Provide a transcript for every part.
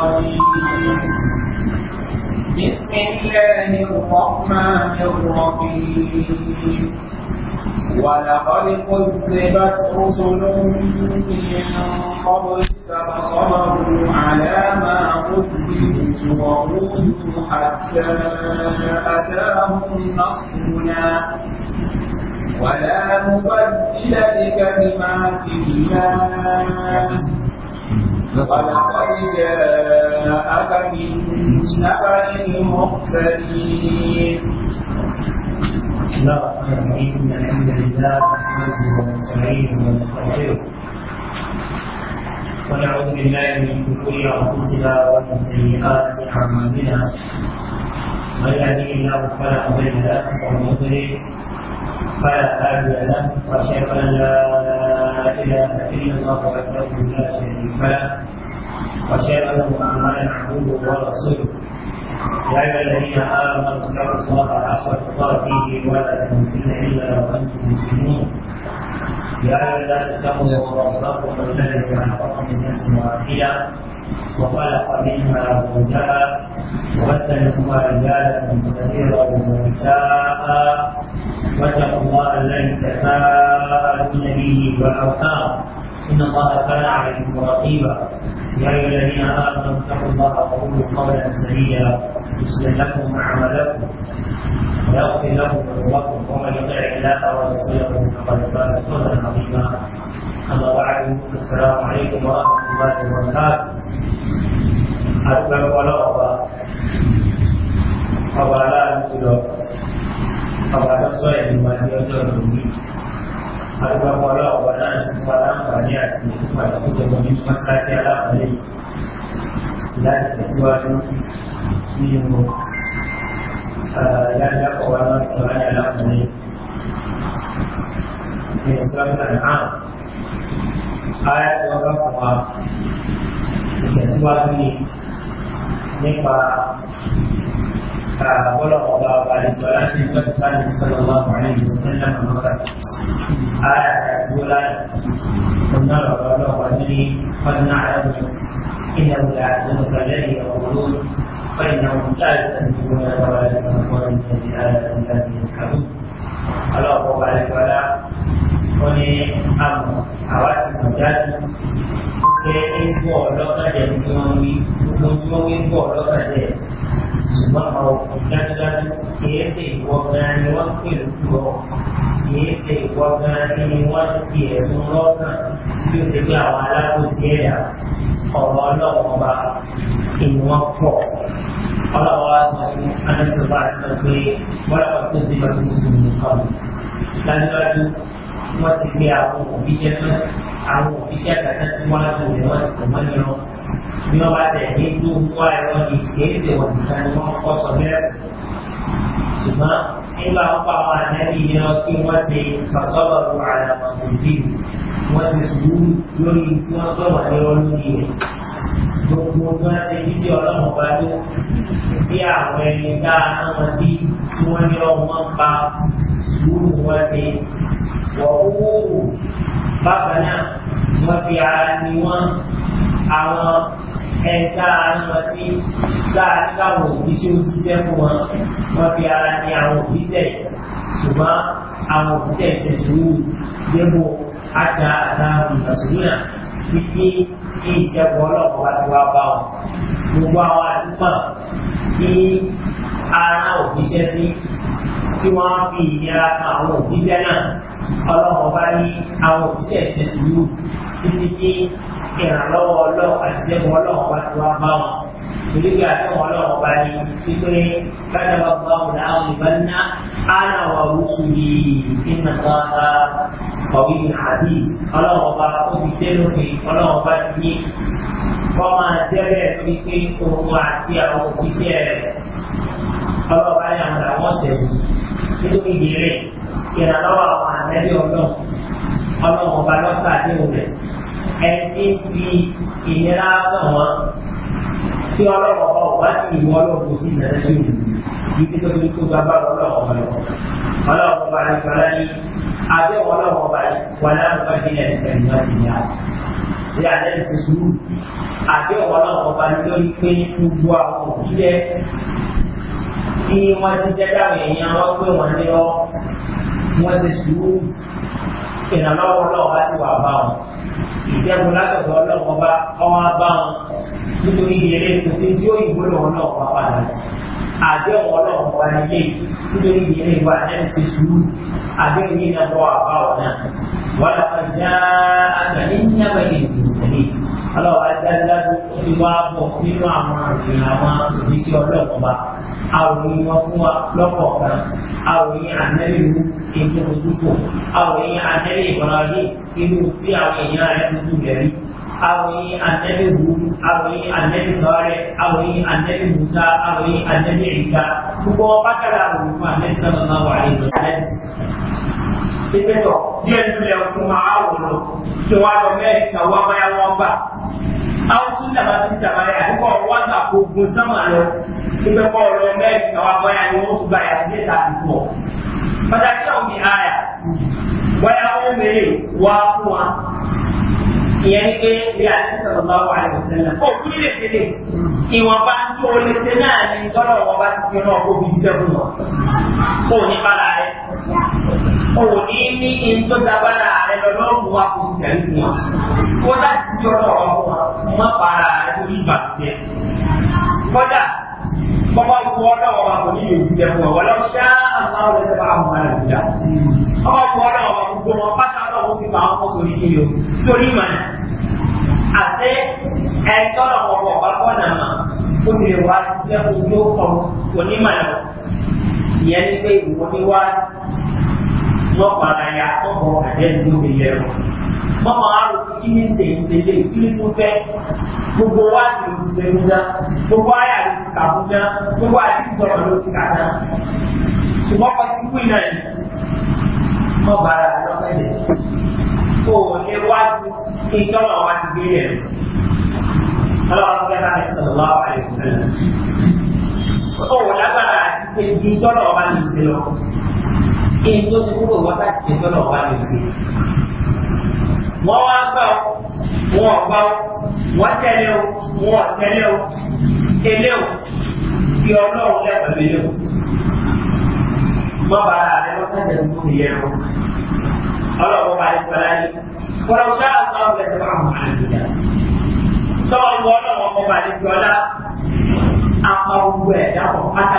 الرجيم بسم الله الرحمن الرحيم ولقد كذبت رسل من قبلك فصبروا على ما كذبت وردوا حتى أتاهم نصرنا ولا مبدل لكلمات الله ولقد جاءك من نبأ المرسلين بسم الله الرحمن الرحيم الحمد لله نحمده ونستعينه ونستغفره ونعوذ بالله من شرور انفسنا ومن سيئات اعمالنا من يهده الله فلا مضل له ومن يضلل فلا هادي له واشهد ان لا لا اله الله وحده لا شريك له وشهده امانا عبده ورسوله يا ايها الذين امنوا اتقوا الله حق تقاته ولا تموتن الا وانتم مسلمون يا ايها الناس اتقوا ربكم الذي خلقكم من نفس واحده وخلق منها زوجها وبث منهما رجالا كثيرا ونساء واتقوا الله الذي تساءلون به والاوثان ان الله كان عليكم رقيبا يا ايها الذين امنوا اتقوا الله وقولوا قولا سديدا يصلح لكم اعمالكم ويغفر لكم ذنوبكم ومن يطع الله ورسوله فقد فاز فوزا عظيما اما بعد السلام عليكم ورحمه الله وبركاته أكبر ولا أبا أبا sọ ẹ̀mí wa ní ọjọ́ ìlú agbábọ́ ọlọ́ọ̀bà náà ti fún aláǹfààní àti ìfúnpá ìfúnjẹmọ ní mọ́sáájì aláàbálẹ̀ láti tẹ̀síwájú nínú yájáfọ̀ wa náà sọ láyé aláàbálẹ̀ ní ìsọ́lá náà ayé tí wọ́n bá fún wa ìtẹ̀síwájú nípa bọ́lá ọba àlejò aláṣẹ ìgbẹ́ tó sáré sọ́lọ́ wà pàrọ̀ ìlú sílẹ̀ lọ́kà. Ara àdúgbò láyà. Ọ̀nà ọ̀rọ̀ ọlọ́wà ní ọdún àyàwó. Ìyá ìlà àti ọ̀gá lẹ́yìn ọ̀gbọ́n فإنهم لا يستنكرون ولا يستنكرون من آيات الله يذكرون الله عليك ولا قولي أمر حواسي مجاز pé ń bọ̀ lọ́kàjẹ́ tí wọ́n wí ohun tí wọ́n wí ń bọ̀ lọ́kàjẹ́ ṣùgbọ́n àwọn ìdájúdájú kìí ṣe ìwọ gan ni wọ́n pè lójú ọ kìí ṣe ìwọ gan ni wọ́n fi ẹ̀sùn lọ́kàn bí ó ṣe pé àwọn alábòsí ẹ̀yà ọ̀rọ̀ ọlọ́wọ́ ọba ìwọ̀n pọ̀ ọlọ́wọ́ wa sọ fún anáṣọba àti sọ pé wọ́n lọ́wọ́ tó ti lọ sí ìlú kan dájúdájú wọ́n ti gbé àwọn òbíṣẹ́ àwọn òbíṣẹ́ kàkà sí wọ́n láti wọ̀ wọ́n ti kọ̀ mọ́ bí wọ́n bá tẹ̀ ní tó wá ẹ̀rọ ní kéèké wọn nìkan ni wọ́n kọ́ sọ bẹ́ẹ̀. ṣùgbọ́n nígbà wọn pa àwọn ànábì ní wọn kí wọ́n ti fàṣọ́bà lu àlà ọ̀gbìn wọ́n ti sùúrù lórí tí wọ́n sọ̀rọ̀ ní olórí rẹ̀. gbogbo wọn ti fi ṣe ọlọ́mọ bá ló tí àwọn ẹni dá àwọn tí wọ́n ní ọmọ pa sùúrù wọn ti wọ̀ owó bákan náà wọ́n fi ara ní ẹ̀ka àwọn sí láàrín òbí tí ó ṣiṣẹ́ fún wọn wọ́n fi ara ní àwọn òbí sẹ̀ ṣùgbọ́n àwọn òbí sẹ̀ ṣe sùúrù débò àjà àtàwọn ìgbàsùnúnà títí tí ìjẹ́bọ̀ ọlọ́pàá ti wá bá wọn. Gbogbo àwọn àdúgbò tí ara òbí sẹ́ tí wọ́n fi ìnira kan àwọn òbí náà ọlọ́run bá ní àwọn òṣìṣẹ́ ẹ̀sìn sùúrù títí tí ìrànlọ́wọ́ ọlọ́run àti ìṣẹ́gun ọlọ́run bá ti wá bá wọn nígbà tí wọn lọ́wọ́ bá ní wípé kájọba bá wọn láwọn ìbọn ná àná wà wúṣù yìí iná gbọ́nà ọ̀wí àbí ọlọ́wọ́ bá ó ti jẹ́ lópin ọlọ́wọ́ bá ti ní wọ́n máa jẹ́ bẹ́ẹ̀ lórí pé òun àti àwọn òṣìṣẹ́ rẹ̀ ọlọ́wọ́ bá ní àwọn làwọn ṣẹ̀yìn nítorí ìdílé ìrànlọ́wọ́ àwọn àtẹ́bí ọlọ́run ọlọ́run ọba lọ́sà àdéhùn rẹ̀ ẹni tí fi ìnira náà wọn tí ọlọ́run ọba ọba ti ìwọ ọlọ́run kò sí ìṣẹ̀lẹ̀ sí òun yìí tí tó ti kó tó agbára ọlọ́run ọba lọ ọlọ́run ọba rẹ̀ fọlá ní àdéhùn ọlọ́run ọba rẹ̀ wọn náà lọ́ba bí ẹ̀ ẹ̀ ní wọ́n ti yá ní tí wọ́n ti jẹ́ káwọn èèyàn wọ́n pé wọ́n ní ọ́ wọ́n ti sùúrù ìrànlọ́wọ́ ọlọ́ọ̀bá ti wà bá wọn ìṣẹ́gun látọ̀dọ̀ ọlọ́ọ̀bá ọmọ bá wọn nítorí ìyẹlé kò sí tí ó ìwé lọ́wọ́ ọlọ́ọ̀bá padà àjọ ọlọ́ọ̀bá nílé nítorí ìyẹlé wà lẹ́nu ti sùúrù àdéhùn yìí náà bọ́ àbá wọn náà wọ́n lọ já àgbàdì níyàwó yìí nìyí ọlọ́ọ̀bá ti wá bọ̀ nínú àwọn àrùn àwọn òbí sí ọlọ́ọ̀bá àròyìn wọn fún wa lọ́kọ̀ọ̀kan àròyìn ànẹ́lẹ́lú ìdúnkùdúnkù àròyìn ànẹ́lẹ́ ìbọ̀láyé inú tí àwọn èèyàn rẹ̀ tuntun rẹ̀ rí àròyìn ànẹ́lẹ́ wúrú àròyìn ànẹ́lẹ́ sọ́ọ̀rẹ́ àròyìn ànẹ́lẹ́ musa àròyìn ànẹ́lẹ́ ìgbà gbogbo wọn bákàrà àròyìn fún ànẹ́lẹ́ sọ́ọ̀rọ̀ náà wà nínú ànẹ́lẹ́ ìgbẹ́tọ̀ díẹ̀ nílẹ̀ fún àwọn àwòrán tí wọ́n á lọ mẹ́rin kan wọ́n máa wọ́n gbà àwọn súnà bá ti sàmà yà nípa ọwọ́ àgbà kó gun sánmà lọ nípa kọ́ ọ̀rọ̀ mẹ́rin kan wá bọ́yà ni wọ́n tún gba yà sí ẹ̀ta àti pọ̀. pàtàkì àwọn mi àyà bọ́yá ó mèrè wá fún wa ìyẹn ní pé bí a ti sọ̀rọ̀ bá wà lọ sílẹ̀. ó kú nílé sílẹ̀ ìwọ̀nba tó o lè ṣe náà ni tọ́lọ̀ wọn bá ti fi rán ọ kó fi ṣẹ́gun lọ. ó ní bá la rẹ̀ o ní ní ìtò dábàrà rẹ lọ́dọ̀ mú wa kò tẹ̀ ń wọn. Kódà ti sọ̀rọ̀ ọ̀hún mọ́ para rẹ lórí ìbàjẹ́. Kódà bọ́bá ikú ọ̀dọ̀ ọ̀hún kò ní yóò jẹ fún ọ. Wọ́n lọ ṣá àwọn ọ̀rọ̀ ẹ̀sẹ̀ bá àwọn ará ìjà. Bọ́bá ikú ọ̀dọ̀ ọ̀hún gbogbo wọn pátá ọlọ́run sì máa ń kó sórí kí o. Sórí ìmọ̀nà àti ẹ̀tọ́ ọ̀rọ̀ ọ̀pá ó ti lè yọ padà yà ọkọ̀ àjẹ́ tó ti yẹ ọ. Mọ́mọ́ àrò kí ni ṣe ìṣẹ̀lẹ̀ kí ni tó fẹ́? Gbogbo wa ti lò ti ṣe ń já. Gbogbo ayà ló ti kà fún já. Gbogbo àti ìjọba ló ti kà já. Ṣùgbọ́n kọ́ sí kúì náà ni. Mọ́ bàrà lọ́fẹ́ lẹ̀. Kò lè wájú kí ìjọba wa ti gbé yẹn. Ọlọ́run fẹ́ bá mi sọ̀rọ̀ lọ́wọ́ àyè ìṣẹ̀lẹ̀. Ó lágbára àti pé kí ìjọba wa gbé lọ kí n tó ti kúrò wọ́n láti ṣe tọ́lọ̀ wá lè ṣe. wọ́n wá gbà ó wọ́n gbà ó wọ́n tẹ̀lé ó wọ́n tẹ̀lé ó tẹ̀lé ó kí ọlọ́run lẹ́kọ̀ọ́ lé ó. mọ́ba ara rẹ̀ wọ́n tẹ̀lé ó sì yẹ ó. ọlọ́run bá yẹn pẹ̀lá yìí. kọ́lá ọ̀ṣá àwọn ọ̀rẹ́ tó máa ń wà tọ́wọ́ ọlọ́run ọmọ bá yẹn jọlá apá gbogbo ẹ̀ dáhùn pátá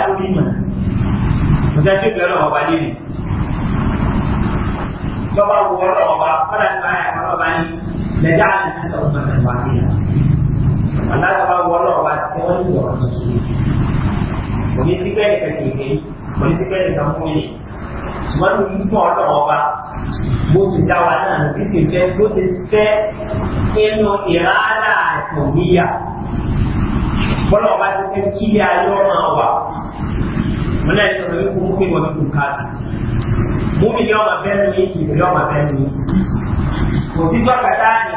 lọ́ba wo ọlọ́ọ̀ba kọ́lá ní báyà ọlọ́ọ̀ba ní lẹ́jà àti nígbà tó máa tẹ̀wá ní yà. Aláàbá wo ọlọ́ọ̀ba tí wọ́n ní ìwọ̀n tó sùn. Òní sí bẹ́ẹ̀ kẹ̀kẹ́ ìgbé, òní sí bẹ́ẹ̀ nǹkan fún yìí. Ṣùgbọ́n ní nígbà ọlọ́ọ̀ba bó ti dá wa náà ló ti fẹ́ bó ti fẹ́ inú ìrádà àtòmíyà. Bọ́lọ̀ọ̀ba ti fẹ́ múmi yọ ọmọ bẹ́ẹ̀ ní ìbìrì ọmọ bẹ́ẹ̀ ní kò sí dọ́kàtà ni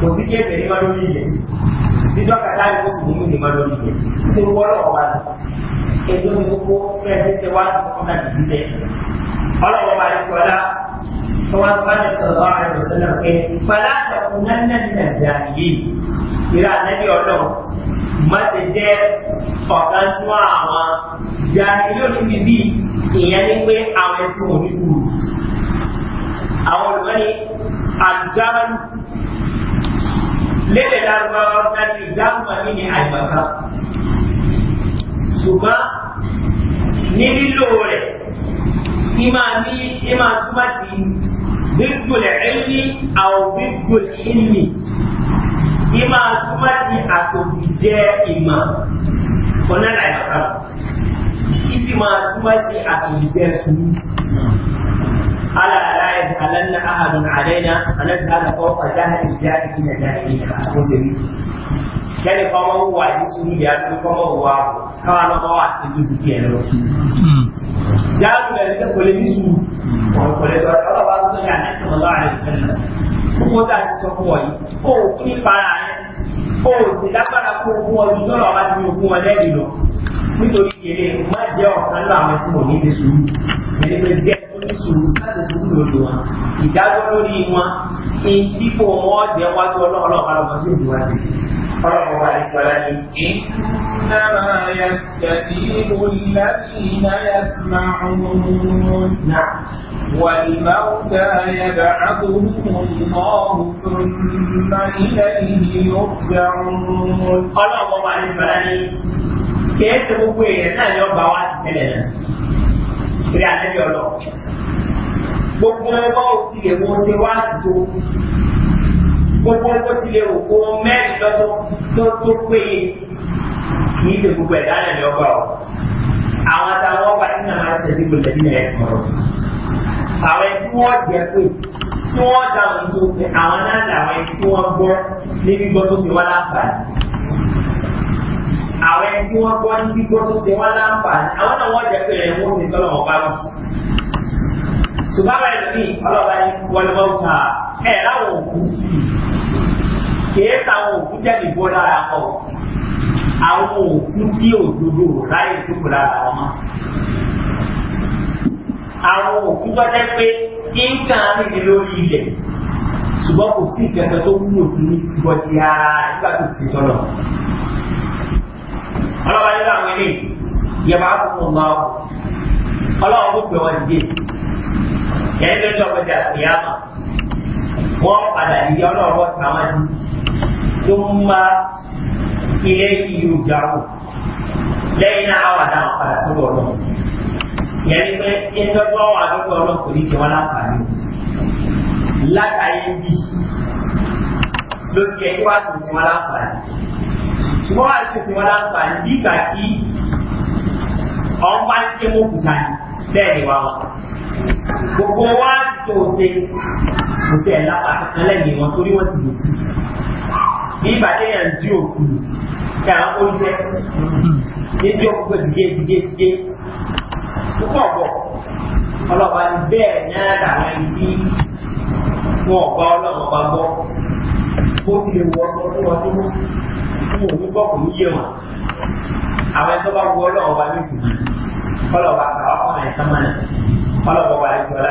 kò sí kéèké ní mọ́lórí ilẹ̀ sí dọ́kàtà ni kò sí múmi ní mọ́lórí ilẹ̀ tí ó wọ́lọ̀ wà ní ètò ti gbogbo fẹ́ẹ́ ti wá ní ọ̀nà ìdílé ọlọ́wọ́ máa ń kọ́lá tó wá sọ́nà sọ̀rọ̀ àrẹ sọ́nà pé fàlà àtàkùn náà náà nàìjíríà yìí ìrà àlẹ́ bí ọlọ́run má ti jẹ́ ọ̀kan tún àwọn ìjà yóò tún fi bí ìyẹn ní pé àwọn ẹtí wọn ní kúrò àwọn olùkọ́ni àjálù lẹ́lẹ̀ lárúbáwá láti ìdáhùnmá ní ní àgbàká ṣùgbọ́n ní lílo rẹ̀ ìmá ní ìmá túmọ̀ sí bíbùl ẹ̀mí àwọn bíbùl ìmí ìmá túmọ̀ sí àtòjìjẹ́ ìmọ̀ ọ̀nà àgbàká isi masu matsi a turbe su ala la yas'alanna ahadun alaina anan ta da fawqa jahil jahil na jahil da ko sai kene kama wa yi su ni ya ko kama wa ka na ma wa ti du ti ene lo ja du da ta ko le su ko ko le ba ala ba su ya ne sallallahu alaihi wasallam ko da ti so ko yi o ki para ne o ti da para ko ko ni lo ba ti ko ko le ni lo nítorí eré má jẹ́ ọ̀kan lọ àwọn tí wọ́n ní ṣe sùúrù ẹni pé jẹ́ tó ní sùúrù láti sùúrù lórí wọn ìdájọ́ lórí wọn ní tí kò wọ́n jẹ́ wá sí ọlọ́ọ̀lọ́ ọ̀pọ̀lọpọ̀ sí ìdíwá sí ọlọ́pàá wà ní ìpàdé ní. ìnáwó yasitadi olùlànà yasima ọmọọmọ náà wàlìmáwùtà yàrá àbúrúmọ̀ ọ̀hún náà ilẹ̀ ìlú yóò gbà ọ̀hún. ọlọ́pàá wà ní ìpàdé ní kìí ṣe gbogbo èèyàn náà ni ọba wa ti tẹlẹ náà torí àtẹ́bí ọlọ gbogbo ẹgbẹ́ òtí lè wo ṣe wá tó gbogbo ẹgbẹ́ òtí lè wò kó mẹ́rin lọ́tọ́ tó tó péye kìí ṣe gbogbo ẹ̀dá náà ni ọba ọ àwọn àtàwọn ọba tí nàá máa tẹ̀lé gbogbo ẹ̀dí náà ẹ̀ àwọn ẹni tí jẹ pé tí wọ́n dáhùn tó àwọn náà làwọn ẹni tí wọ́n níbi gbọ́ tó ṣe wá láǹfààní àwọn ẹni tí wọ́n gbọ́ ní gbígbọ́ tó ṣe wọ́n láǹfààní àwọn náà wọ́n jẹ́ pé ẹ̀ wọ́n ní tọ́lọ̀ wọn bá wù. ṣùgbọ́n ẹ̀rọ mi ọlọ́ba ní wọlébọ́ ta ẹ̀ láwọn òkú kìí táwọn òkú jáde bọ́ lára ọ̀ àwọn òkú tí òdodo ráyè tó kù lára wọn mọ́. àwọn òkú tó jẹ́ pé nǹkan rìn lórí ilẹ̀ ṣùgbọ́n kò sí ìkẹ́kẹ́ tó wúlò fún gbọ̀dì ara nígbà tó ti tọ́lọ̀ ọlọ́wọ́ ilé àwọn ilé yẹba àkókò ńlá ọkọ̀ ọlọ́wọ́ gbogbo wọn dìde yẹn ló jọ ọgbẹ́jà ìyáàmà wọ́n padà dìde ọlọ́wọ́ táwọn tó ń bá ilé ìlú jáwó lẹ́yìn náà àwọn àdáwọn padà sọ́dọ̀ ọlọ́wọ́ yẹn ni pé ẹjọ́ tí wọ́n wà lọ́dọ̀ ọlọ́wọ́ kò ní ṣe wọn láǹfààní látàyè bí ló ti ẹ̀ tí wàá sùn sí wọn láǹfààní ṣùgbọ́n wà sí òfin wọn láǹfà nígbà tí ọ̀n bá ń ké mọ́ kùtà ní bẹ́ẹ̀ ni wà wọ́n gbogbo wa ti tó o ṣe kò sí ẹ̀ lápá kankan lẹ́yìn wọn torí wọ́n ti lò sí bí ìbàdí yẹn ń di òkú kí àwọn oúnjẹ níbi òkúkọ dìde dìde dìde púpọ̀ bọ̀ ọlọ́ba ni bẹ́ẹ̀ náà làwọn ẹni tí wọn ọ̀gá ọlọ́run ọba gbọ́ bó ti lè wọ ọsọ fún ọdún mọ́ fún òun gbọ́ kò ní yé wọn àwọn ẹ̀tọ́ bá wọ ọlọ́run wa ní ìdùnnú kọ́lọ̀ wa kà wá fún àìsàn mọ́nà kọ́lọ̀ wà lẹ́jọ́ náà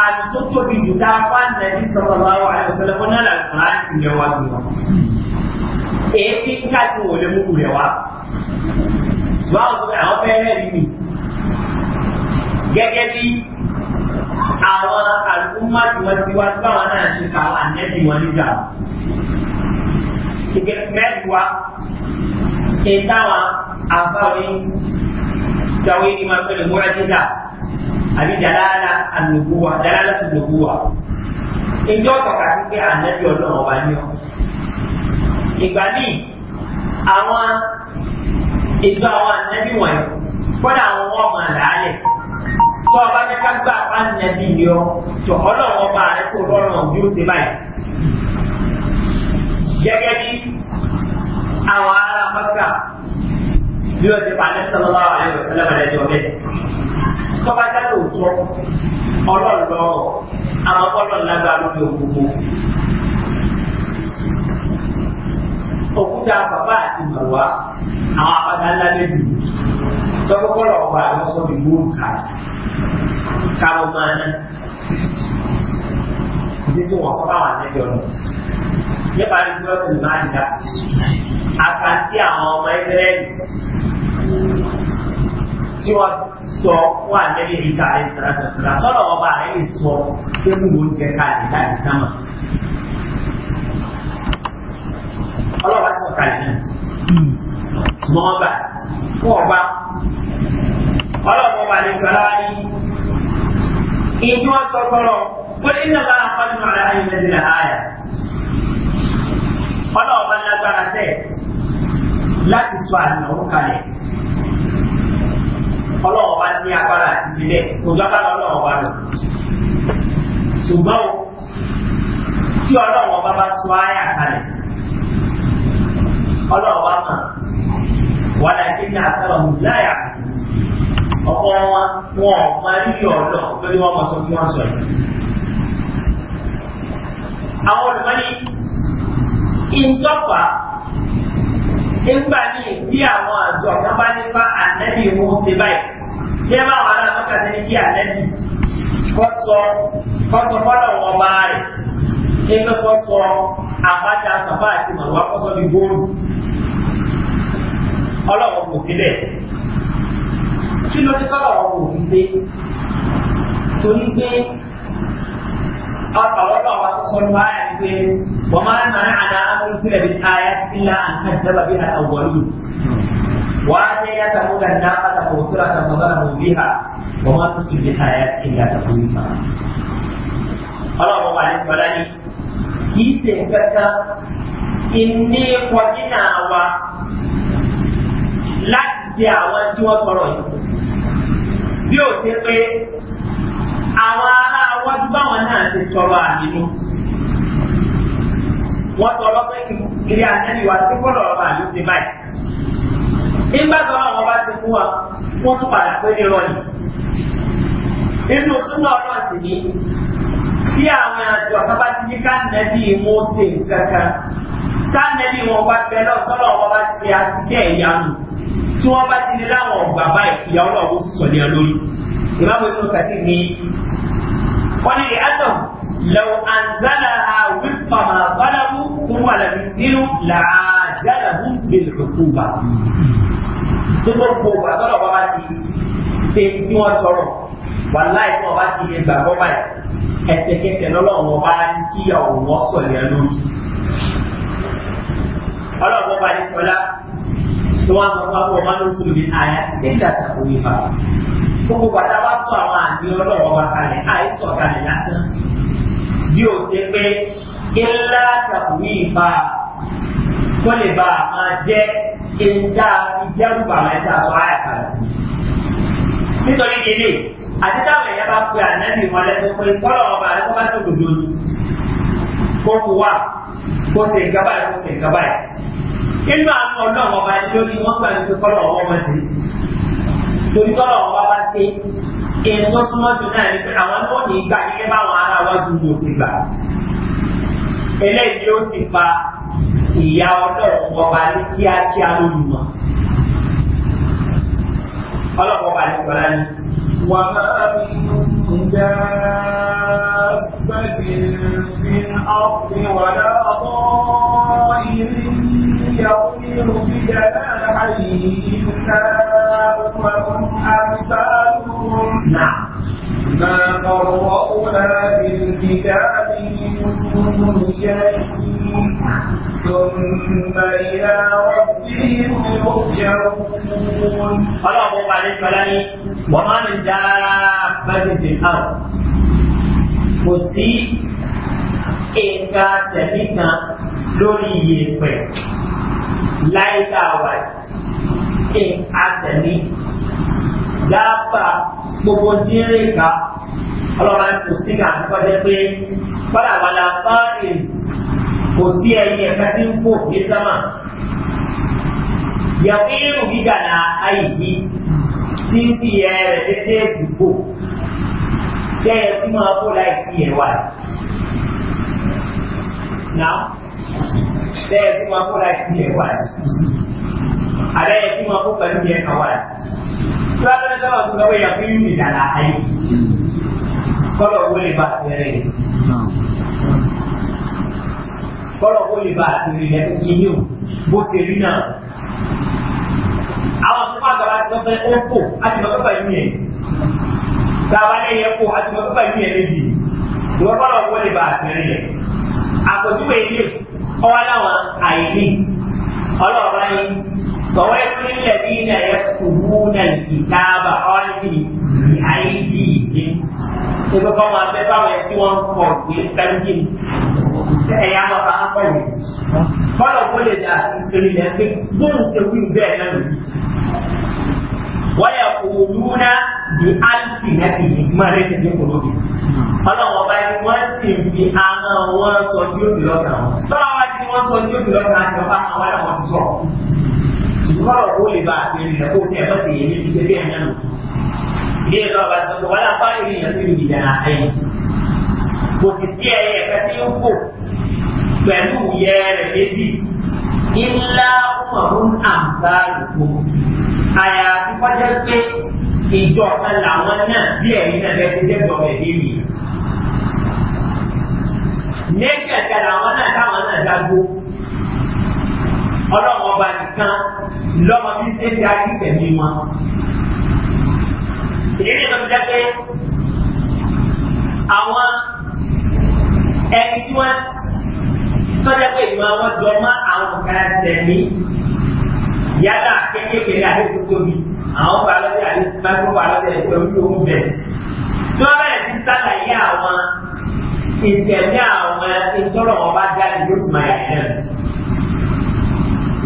àtúntò bí ju tá a bá nàbí sọ̀rọ̀ lọ́wọ́ àyọ̀sọ̀lẹ̀ fún náà làkùn láti ti yẹn wá sí wọn. Èéfín káàdì wò lè mú rẹ̀ wá. Báwo sọ àwọn fẹ́rẹ́ rí mi? Gẹ́gẹ́ bí àwọn àlùmọ́ tí wọ́n ti wá sí báwọn náà ṣe ka ànẹ́bí wọn níjà. Ìgbẹ́ mẹ́rin wa, ìtawà àfáwé, ìjàwé ni máa pẹ̀lú múra jíjà àbí dalala anubuwa dalala tunubuwa ìjọ tọ́ka sí pé ànábì ọlọ́run ọba ní ọ. ìgbà míì àwọn ìjọ àwọn ànábì wọ̀nyí kọ́dà àwọn ọmọ àlàálẹ̀ tó ọba ní ká gbà bá ànábì ní ọ tó ọlọ́run ọba rẹ kó lọ́rùn ọ̀bí ó ti báyìí. gẹ́gẹ́ bí àwọn ará mọ́tà bí wọ́n ti pa àlẹ́ sọ́lọ́lá àwọn àlẹ́ ìwọ̀sán bẹ́ẹ̀ tọ́ ọlọ́ọ̀lọ́rọ̀ àbábọ́lọ̀ lágbára lórí òkúkú òkúta sọ̀bá àti mọ̀wá àwọn apáta ńlá lẹ́jù sọ́kọ́kọ́lọ̀ ọba àwọn sọ́bì gbóǹkà káwọn máa ná títí wọn sọ báwọn àtẹ́jọ́ lọ nípa ní tí wọ́n ti máa ń ga àkáǹtì àwọn ọmọ ẹgbẹ́rẹ́ yìí tí wọ́n sọ fún àtẹ́lẹ̀ ìta rẹ̀ sàrásàsàrà sọ́dọ̀ ọba rẹ̀ lè sọ kébù ló ń jẹ káàdì láti sámà. ọlọ́ba sọ káàdì náà ṣùgbọ́n ọba fún ọba ọlọ́ba ọba lè gbọ́ lára ní ìjú wọn sọ fọlọ wọ́n ní nàbà àpọ́nù ara ẹni lẹ́sìn àáyà ọlọ́ba lágbára tẹ̀ láti sọ àná òun kalẹ̀ ọlọ́wọ́ bá ní agbára àti ìbílẹ̀ kò lágbára ọlọ́wọ́ bá lọ. ṣùgbọ́n tí ọlọ́wọ́ bá bá sọ ayà kalẹ̀ ọlọ́wọ́ bá mọ̀ wọ́n dà kí ní àtàwọn ọ̀húnláyà ọ̀pọ̀ wọn wọn ò máa rí ọ̀lọ́ lórí àwọn olùmọ̀ ní ìjọba nígbà míì tí àwọn àjọ kan bá nípa ànẹ́bí mú ṣe báyìí tí ẹ bá wà látọ́ka sí ní kí ànẹ́bí kọ́ sọ fọ́lọ̀ wọn bá rẹ̀ ẹgbẹ́ kọ́ sọ àbájá sàbá àti màwá kọ́ sọ góòlù ọlọ́wọ́n kò sílẹ̀ kí ló dé fọ́lọ̀ wọn kò fi ṣe torí pé أقول له وتصل معي وما منعنا أن نرسل بالآيات إلا أن كذب بها الأولون وآتينا ثمود الناقة مبصرة فظلموا بها وما نرسل بالآيات إلا تخويفا الله عليه وسلم kise kaka inni kọjina wa láti ṣe àwọn tí wọ́n tọrọ yìí bí ó ṣe pé àwọn ará wájú báwọn náà ti tọrọ àdínú wọ́n tọrọ pé ilé àtẹ́lẹ̀ wa ti gbọ́dọ̀ ọba àdínú ti báyìí nígbà tó àwọn bá ti mú wa wọ́n tún padà pé ní rọ́ọ̀nì nínú súnmọ́ ọ̀rọ̀ sì ni tí àwọn àjọ àbábá ti ní kánẹ́bí mọ́ọ̀sẹ̀ kankan kánẹ́bí wọn bá fẹ́ lọ sọ́dọ̀ wọn bá ti àti kẹ́ ẹ̀yà nù tí wọ́n bá ti ní láwọn ọ̀gbà báyìí ìyá ọlọ́ọ̀bù sọ̀lẹ́ lórí ìmáàmù ìtò kàtí ni wọ́n ní ìyàtọ̀ lọ́wọ́ àǹzálà wípà máa bálábú fún wàlàbí nínú làájálà fún bèlùkùtùbà. tó gbogbo àtọ́lọ̀ bá wá ti ṣe tí wọ́n tọrọ wà láì fún ọba ti lè gbàgbọ́ báyìí ẹsẹ̀kẹsẹ̀ lọ́lọ́run ọba kíyà òun ọ̀sọ̀ yẹn lórí. ọlọ́run ọba ní kọlá tí wọ́n sọ fún ọmọ mùsùlùmí àyà ti dẹ́gbà tàbí ìfà gbogbo bàtà bá sọ àwọn àmì ọlọ́wọ́ bá kalẹ̀ àìsọ̀ kalẹ̀ lásán bí o ṣe pé ilá tàbí ìfà kó lè bá a máa jẹ́ ìjà ìjẹ́rùbà mẹ́ta sọ àyà kalẹ̀. nítorí ilé àti táwọn èèyàn bá pe ànábì wọn lẹ́sọ̀ pé kọ́lọ̀ ọba àdékọ́ bá tó dòdò ní kó fún wa kó ṣe nǹkan báyìí kó ṣe nǹkan báyìí. inú àwọn ọlọ́wọ́ ọba ẹni lórí wọ́n gbà ní pé kọ́lọ̀ ọwọ́ wọn ṣe torí tọ́lọ̀ wọn bá bá ṣe ẹni wọ́n súnmọ́ jù náà ni pé àwọn náà ní gbà gẹ́gẹ́ báwọn ará wájú ní òfin gbà eléyìí ó sì fa ìyá ọlọ́run ọba ní kíákíá lórí wọn ọlọ́run ọba ní kọ́lá ní. وما من دابة في الأرض ولا طائر يغفر بجلال حيه أمم أمثالهم ما فرقنا بالكتاب من شيء ثم إلى ربهم يرجعون الله عليه وسلم وما من دابة في الأرض قصي إن كان لوري يفعل láyé tá a wà ẹ̀ àtẹ̀mí dáàbà gbogbo dínrín ká ọlọ́ba kò sí kà ń kọjá pé kọ́lá wà lá fáàlì kò sí ẹyin ẹ̀ka tí ń fò ní sámà. Yàtí irun Ada kuma ko da shi ne wa a daya kuma ko kan ne ka wa to a kana zama su nawa ya fi ni Kalau la ai kọlọ wọlé ba tẹrẹ kọlọ wọlé ba tẹrẹ lẹnu yìí o bó tẹrí náà àwọn opo, máa gbàgbà tó fẹ ó kó àti mọ tó bá yín yẹn gbàgbà lè yẹ kó àti mọ tó bá ọwọ́ aláwọn àìlè ọlọ́ọ̀rọ̀ yìí tọ́wọ́ ẹ̀kọ́ nílẹ̀ bí ilẹ̀ yẹ kùbú náà ìtaaba ọ́nìdì ní àìdì ìdí. Ebi kọ́ máa bẹ báwọn ẹtí wọn kọ̀ gbé sẹ́ńtì ẹ̀yà bàbá akọ̀yẹ̀. Bọ́lọ̀ wọlé dà ìpèlè lẹ́gbẹ̀ẹ́ gbóhùn ṣe wí bẹ́ẹ̀ náà ويقولون بألسنتهم ما ليس في قلوبهم ọlọ́run ọba ni wọ́n sì ń fi ahọ́n wọn sọ tí ó sì lọ́kàn wọn tọ́lá wá tí wọ́n sọ tí ó sì lọ́kàn àti ọba àwọn àwọn ti sọ̀rọ̀ ṣùgbọ́n ọ̀rọ̀ kó bá àbẹ̀rẹ̀ rẹ̀ kó ní ẹ̀fọ́ sì yé ti pé bí ẹ̀ náà ilé ẹ̀rọ ọba sọ pé wọ́n lápá ìrìn yẹn sí ìdìdà ẹ̀yìn kò sì sí ẹyẹ ẹ̀ka tí ó kò pẹ̀lú ìyẹ́ rẹ̀ méjì àyàfi kọjá pé ìjọ kan làwọn náà bí ẹ̀rí náà bẹ́ẹ̀ ti dẹ́gbọ̀n rẹ̀ léèrè. nẹ́ṣẹ̀ kan làwọn náà táwọn náà dágbó ọlọ́mọ ọba nìkan lọ́mọ bí ṣe ti àdìsẹ̀ mi wọn. ìdílé ìlú ti jẹ́ pé àwọn ẹni tí wọ́n tọ́jà pé ìmọ̀ àwọn jọ mọ́ àwọn kan tẹ̀mí yálà kékeré àti tóbi àwọn balọ̀dẹ̀ àti mẹ́kọ́ balọ̀dẹ̀ ẹ̀sọ́ bí ó ń bẹ̀. tí wọ́n bẹ̀rẹ̀ sí sàlàyé àwọn ìtẹ̀lé àwọn ìtọ́rọ̀ wọn bá jáde ló sì máa yà ẹ̀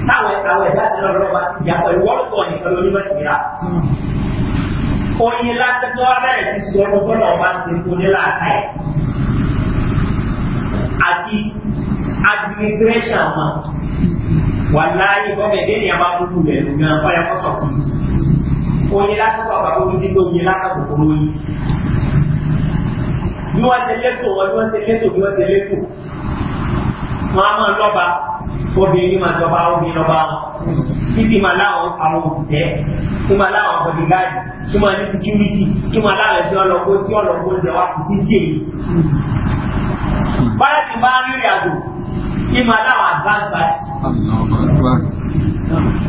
táwọn àwọn ẹ̀dá ti lọ́rọ̀ bá ti yàtọ̀ ìwọ́lùkọ̀ nìkan ló ní bá ti rà. oyin láti tí wọ́n bẹ̀rẹ̀ sí sọ ọdún tọ́lọ̀ bá ti kó ní láàká ẹ̀ àti administration wọn wàláyé bọ́bẹ̀ déni àbá kúkú rẹ̀ ló gan ọ̀yà kó sọ fún un oyin lásìkò àbàkó ní dídó oyin lásìkò kó lóyún bí wọ́n ti létò wọn bí wọ́n ti létò bí wọ́n ti létò wọn a máa lọ́ba obìnrin máa lọ́ba obìnrin lọ́ba wọn títí máa láwọn àwọn òṣìṣẹ́ tí máa láwọn bọ̀dìgáàdì tí máa ní síkírítì tí máa láwọn ẹ̀sìn ọlọ́gbó tí ọlọ́gbó ń jẹ wá kù sí sí èyí. báyọ̀ ìmọ̀ aláwọ̀ advance batch.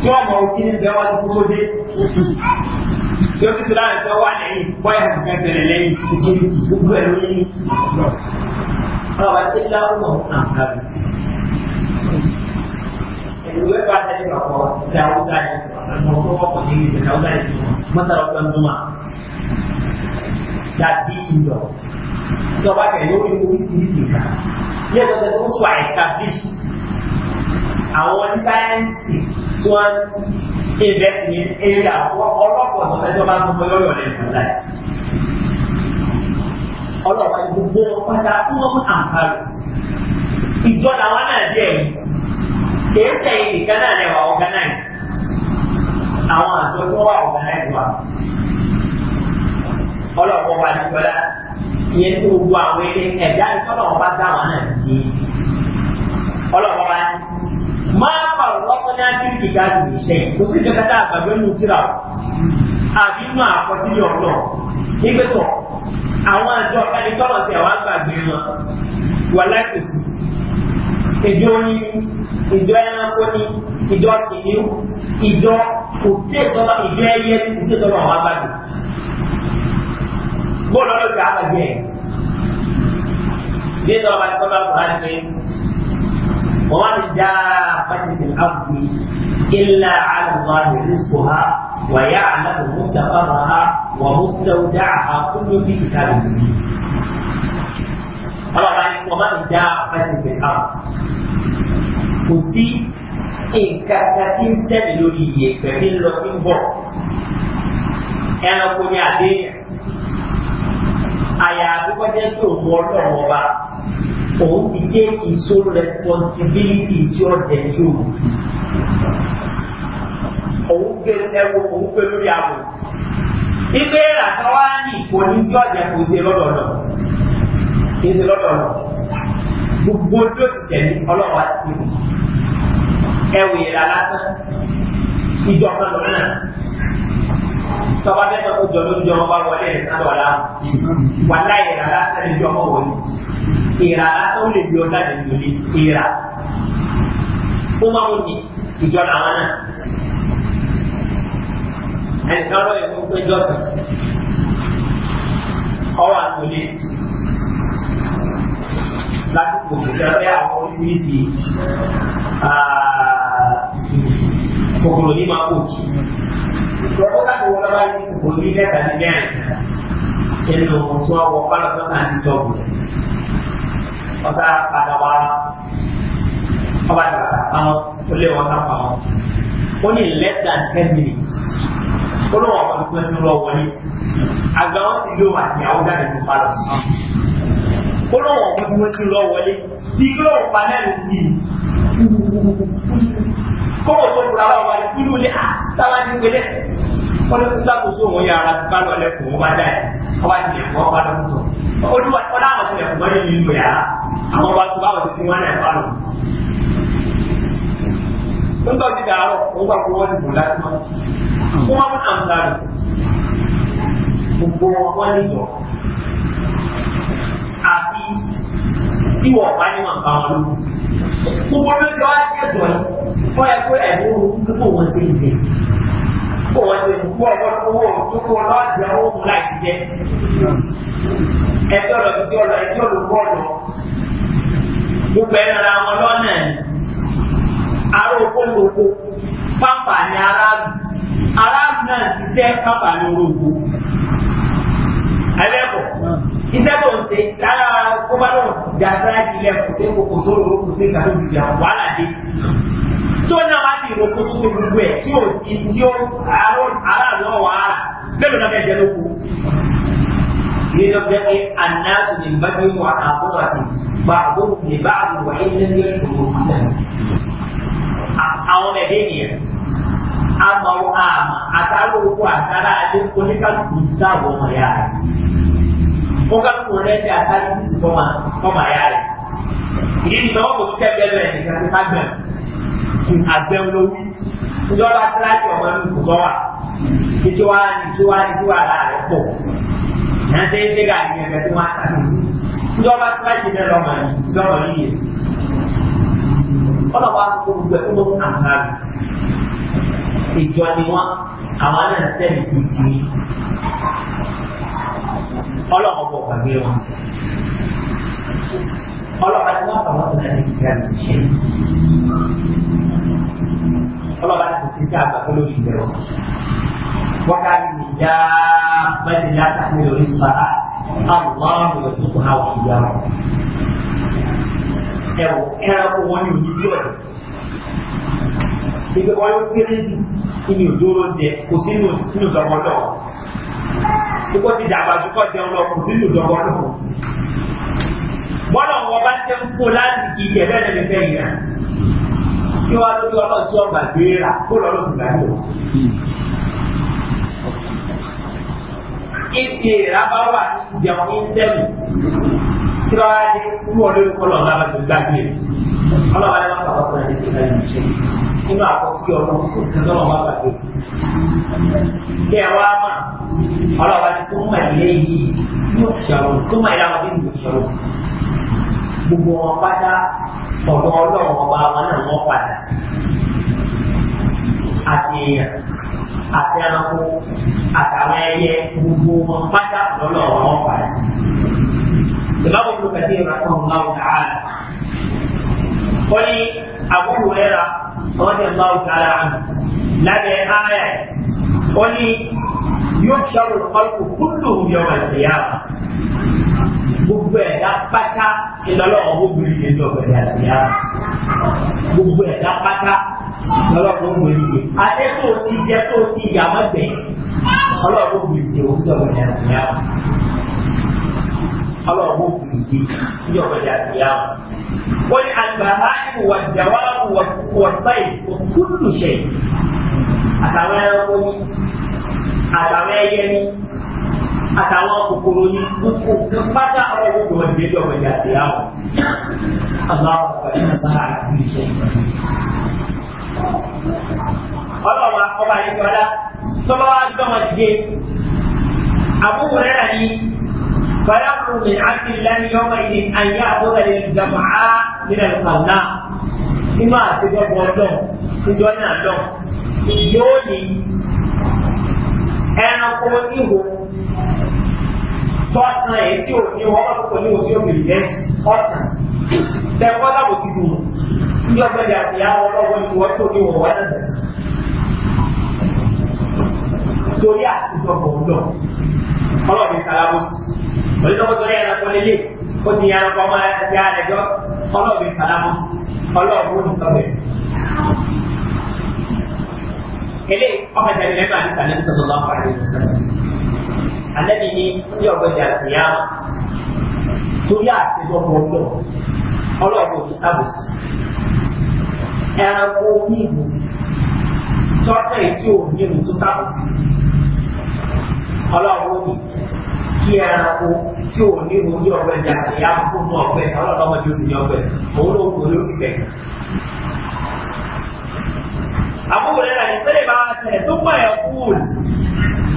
tí wọ́n mọ òkè ní bẹ́ẹ̀ wá ní kókó dé. yóò ti sọ́dọ̀ àti ọwọ́ àlẹ́yìn bọ́yà nǹkan bẹ̀rẹ̀ lẹ́yìn security gbogbo ẹ̀ lórí ní. ọlọ́wà tí ilá ó mọ̀ fún àǹfààní. ìwé bá tẹ̀lé papọ̀ ti àwùjọ àyè ọ̀nà tó wọ́pọ̀ ní ìgbésẹ̀ àwùjọ àyè tó wọ́n mọ́tàlá ọ̀gbọ́n tó máa. dàbí ìlọ ìjọba tẹ̀lé orí oríṣiríṣi nǹkan ní ẹ̀dọ́gbẹ̀ tó ń sọ àìsàbíṣ àwọn sáyẹ́ǹsì tí wọ́n invest in area ọlọ́pọ̀ sọ̀tẹ́ tí wọ́n bá ń sọ lọ́yọ̀ lẹ́nu láì ọlọ́pàá gbogbo pátá fún wọn àǹfààní ìjọ làwọn náà díẹ̀ kìí sẹ́yìn nìkan náà lẹ́wà organize àwọn àjọ tí wọ́n wà organize wa ọlọ́pàá wà nígbàlá ìyẹn tó gbogbo àwọn ilé ẹ̀dá ìtọ́lọ́wọ́ bá dá náà jí ọlọ́wọ́ bá máa bà lọ́kọ́ ní áfíríkì gáàdì ìṣe kò sí ìjọba tá a tíra àbí àkọsílẹ̀ ọ̀nà àwọn àjọ ẹni wọn wà láti ìjọ ìjọ ẹranko ìjọ kìnìún ìjọ kò sí ìjọba ìjọ ẹyẹ kò sí ìjọba bóòlù ọlọ́jọ́ àbàdì ẹ̀. Bí ẹ̀dọ́ ọba sọ́dọ̀ àkùrá ni pé wọ́n wá ní já pàtẹ́tì àbùkù ilà àlùmọ́ àdìrísìkò ha wà yá àlàbò mùsùlùmá ma ha wà mùsùlùmá ha kúndú fi ìta lè wù. Ọlọ́ba ni wọ́n wá ní já pàtẹ́tì àbùkù. Kò sí nǹkan kan tí ń sẹ́mi lórí iye pẹ̀lú lọ sí ń bọ̀. Ẹranko ni àdéhùn àyàfi kọjá pé òun ọlọ́run ọba òun ti déèkì sole responsibility tí ó dẹ̀ tí òun òun gbé ẹwọ òun gbé lórí ààbò ibi àtọwá ní ìkòní tí ọjà kò ṣe lọ́dọ̀ náà kì í ṣe lọ́dọ̀ náà gbogbo ojú òṣìṣẹ́ ní ọlọ́wà sí ẹwì ìlà lásán ìjọba lọ́nà tọ́ba bẹ́ẹ̀ tó jọ lójú ọmọ bá wọlé rẹ̀ sádọ̀ ọ̀la wàlá ìrà lásán lè ju ọmọ wọlé ìrà lásán ó lè ju ọ̀la lè ju ní ìrà ó máa ń ní ìjọ làwọn náà ẹnìkan lọ́yẹ̀ fún péjọ kan ọwọ́ àtòlé lásìkò ìjọba àwọn oríṣiríṣi kòkòrò ní máa kò Ìjọba láti wọ lọ́wọ́ yìí kò ní lẹ́tà ní mẹ́rin. Ẹnu òun tí wọ́n wọ pálọ̀ tó náà ti tọ́gù. Ọ̀sá padà wá ọba less than ten minutes. Ó lọ́wọ́ ọ̀pọ̀ tuntun ẹni lọ wọlé. Àgbà wọn ti lóun àti àwọn jáde tó pálọ̀ sí. Ó lọ́wọ́ ọ̀pọ̀ tuntun ẹni lọ wọlé. Bí kọ́wọ́ tó kura wà wà ní kúlù ní a sábà ní wẹlẹ́ wọ́n ní kúta kò tó wọn yàrá bá lọ lẹ́kọ̀ọ́ wọn bá dá yẹ wọ́n bá ti lè kọ́ wọn lọ sọ olúwa wọn náà wọ́n ti lè kọ́ wọn yìí nù yàrá àwọn bá tó bá wọn ti fi wọn náà bá lọ. tó ń tọ́ ti dàárọ̀ wọ́n gbà kó wọ́n ti bò láti mọ́ wọ́n mú àǹfààní gbogbo wọn wọ́n ní jọ àfi tí wọ́n bá ní wọn bá wọn lò gbogbo ló jọ á jẹ́ wọ́n yẹ pé ẹ̀wọ́ orúkú kó wọ́n ṣe ìdè kó wọ́n ṣe ìdè wọ́n wọ́n owó tó kó lọ́ọ̀dì ọwọ́ mú láì jẹ́ ẹtí ọ̀dọ̀ tí ọ̀dọ̀ ẹtí ọ̀dọ̀ bọ́ọ̀lù gbogbo ẹ̀ nara wọn lọ́nà ẹ̀ ará oko ní oko pápá ní aráàlú aráàlú náà ti sẹ́ pápá ní orogo ẹlẹ́kọ̀ọ́ iṣẹ́ tó ń ṣe kára kó bá lọ́wọ́ ìjà sára ìjìnlẹ̀ kò sí sóró kò sí ìgbà tó wàhálà dé tí ó náà bá ti ìwò kó tó ṣe gbogbo ẹ̀ tí ó ti tí ó aráàlú ọ̀wà ara bẹ́ẹ̀ ló náà bẹ́ẹ̀ jẹ́ lóko. Ìyẹn lọ bẹ́ẹ̀ pé ànáàtò lè bá bí wà àbúrò àti gbàgbó lè bá àbúrò wáyé lẹ́yìn ìṣòro ìpínlẹ̀. Àwọn ẹ̀dẹ́ nìyẹn. Àmọ̀ àmà àtàrò owó àtàrà adé oníkàlùkù sáwọ̀ ọmọ yá rẹ̀. Ó kàlùkù rẹ̀ ti àtàrí sísì fọ́mà yá rẹ̀. Ìdí ìtọ́wọ́ kò tún kẹ́ bẹ́ẹ̀ bẹ́ẹ̀ nìkan àgbẹ̀ olówí ìjọba láti ọmọ inú kòkọ́ wà ìjọ wa ní ìjọ wa ní ìjọ àlá rẹ̀ pọ̀ náà tẹ́ ẹ́ dẹ́gà ní ẹgbẹ́ tí wọ́n á tàbí ìjọba tí wọ́n ti bẹ̀rẹ̀ ọmọ yìí ìjọba yìí yẹ ọlọ́wọ́ àkókò gbogbo ẹ̀ ń bọ́ àǹfààní ìjọ ni wọ́n àwọn náà sẹ́ni kù tì í ọlọ́wọ́ bọ̀ pàgbé wọn. Allah ni wọ́n fọwọ́ sọ̀rọ̀ ní Allah ìṣe ọlọ́pàá tak ṣe tí a gbà lórí ìbẹ̀rù wákà Allah ìjà mẹ́rin láti àmì lórí ìgbà àwọn ọmọ rẹ̀ tó kù náà wọ́n ìyá wọn. ẹ̀wọ̀ ẹranko wọn ni dia jọ̀ ìgbẹ́ wọn yóò kéré jù nínú ìdúró jẹ bọ́lá wọn bá tẹ́ ń kó láti kí ìjẹ́ bẹ́ẹ̀ lè fẹ́ yìí náà kí wọ́n á lórí ọlọ́run tí ọgbà gbé rà kó lọ́rùn sì gbàgbé wọn. ìpè rábà wà ní ìjẹun tí wọ́n á dé kú ọlọ́run kọ́ lọ́run lábàá gbàgbé ọlọ́run á lọ́wọ́ pàpà fún ẹni tó dájú nínú àkọsílẹ̀ ọlọ́run fún ìtẹ́lù ọmọ àgbàdo. kí ẹ wá gbogbo wọn pátá ọ̀dọ́ ọlọ́run ọba wọn náà wọ́n padà sí. àti èèyàn àti ẹranko àtàwọn ẹyẹ gbogbo wọn pátá ọ̀dọ́ ọlọ́run wọn padà sí. ìbáwọ̀ ìlú kàdé ìrànlọ́wọ́ ọ̀làwọ̀ tààlà. wọ́n ní àbúrò ẹ̀ra ọ̀dẹ̀ ọ̀làwọ̀ tààlà àná lábẹ́ ààyè wọ́n ní yóò ṣàrò ọ̀pọ̀ kúndùn yọ̀wọ̀ ìṣèyàwó gbogbo ẹ̀dá pátá ìlọ́lọ́wọ́ gbogbo ìgbè ní ọ̀gbẹ̀ ìyá gbogbo ẹ̀dá pátá ìlọ́lọ́wọ́ gbogbo ìgbè adé tó ti jẹ́ tó ti yà mọ́gbẹ̀ ọlọ́wọ́ gbogbo ìgbè ó ti ọ̀gbẹ̀ ìyá ọlọ́wọ́ gbogbo ìgbè ní ọ̀gbẹ̀ ìyá wọ́n ní àgbàmáyé wà jàwá wà báyìí kúlù ṣe àtàwọn ẹranko ni àtàwọn ẹyẹ ni àtàwọn kòkòrò ní gbogbo kan pátá àwọn gbogbo wọn ìgbésí ọmọ ìyá àti ìyá wọn. aláwọ̀ pẹ̀lú ọ̀gá àti ìṣe. ọlọ́wà ọba ìjọba tọ́lá wa gbọ́mọ dìde àbúrò rẹ̀ ní fàyàkùn mi àti lẹ́yìn ọmọ ìdí ayé àbúrò rẹ̀ jàmọ́ á nílẹ̀ ìpàdánà nínú àtijọ́bọ̀ ọdún ìjọ náà lọ yóò ní ẹranko ihò tọ́tàn ẹ̀ tí ò ní ọwọ́ púpọ̀ ní ojú òbí rìvẹ́ǹsì ọ̀tàn tẹ̀kọ́ lábò ti dùn ní ọgbẹ́dẹ̀ àbíyá ọlọ́wọ́ ni wọ́n tó ní wọ̀n wá náà torí àtijọ́ kò ń lọ ọlọ́ọ̀dẹ kalabosi onídọ́gbọ́n torí ẹranko lélẹ̀ ó ti ẹranko ọmọ ẹgbẹ́ àlẹ́jọ́ ọlọ́ọ̀dẹ kalabosi ọlọ́ọ̀dẹ onítọ́bẹ̀ eléyìí ọmọ ìtàgé lẹ́nu àti ìtàgé sọ̀rọ̀ lọ́wọ́ àdéhùn sọ̀rọ̀ alẹ́bi ní ní ọ̀gbẹ́ni àtìyá torí àtẹjọ́ pọ̀lọ́ ọlọ́ọ̀bù òbí sábòsì ẹranko oníhù tọ́tẹ̀ tí ò ní ìlú tó sábòsì ọlọ́ọ̀bù òbí kí ẹranko tí ò ní ìlú ní ọ̀gbẹ́ni àtìyá kó mú ọ̀gbẹ́ ọlọ́ọ̀bù òbí ní ọ̀gbẹ́ òun ló kò ló sì bẹ̀. àbúrò rẹ̀ ní sẹ́lẹ̀ bá tẹ̀ tó pẹ̀ ẹ̀ kúùlù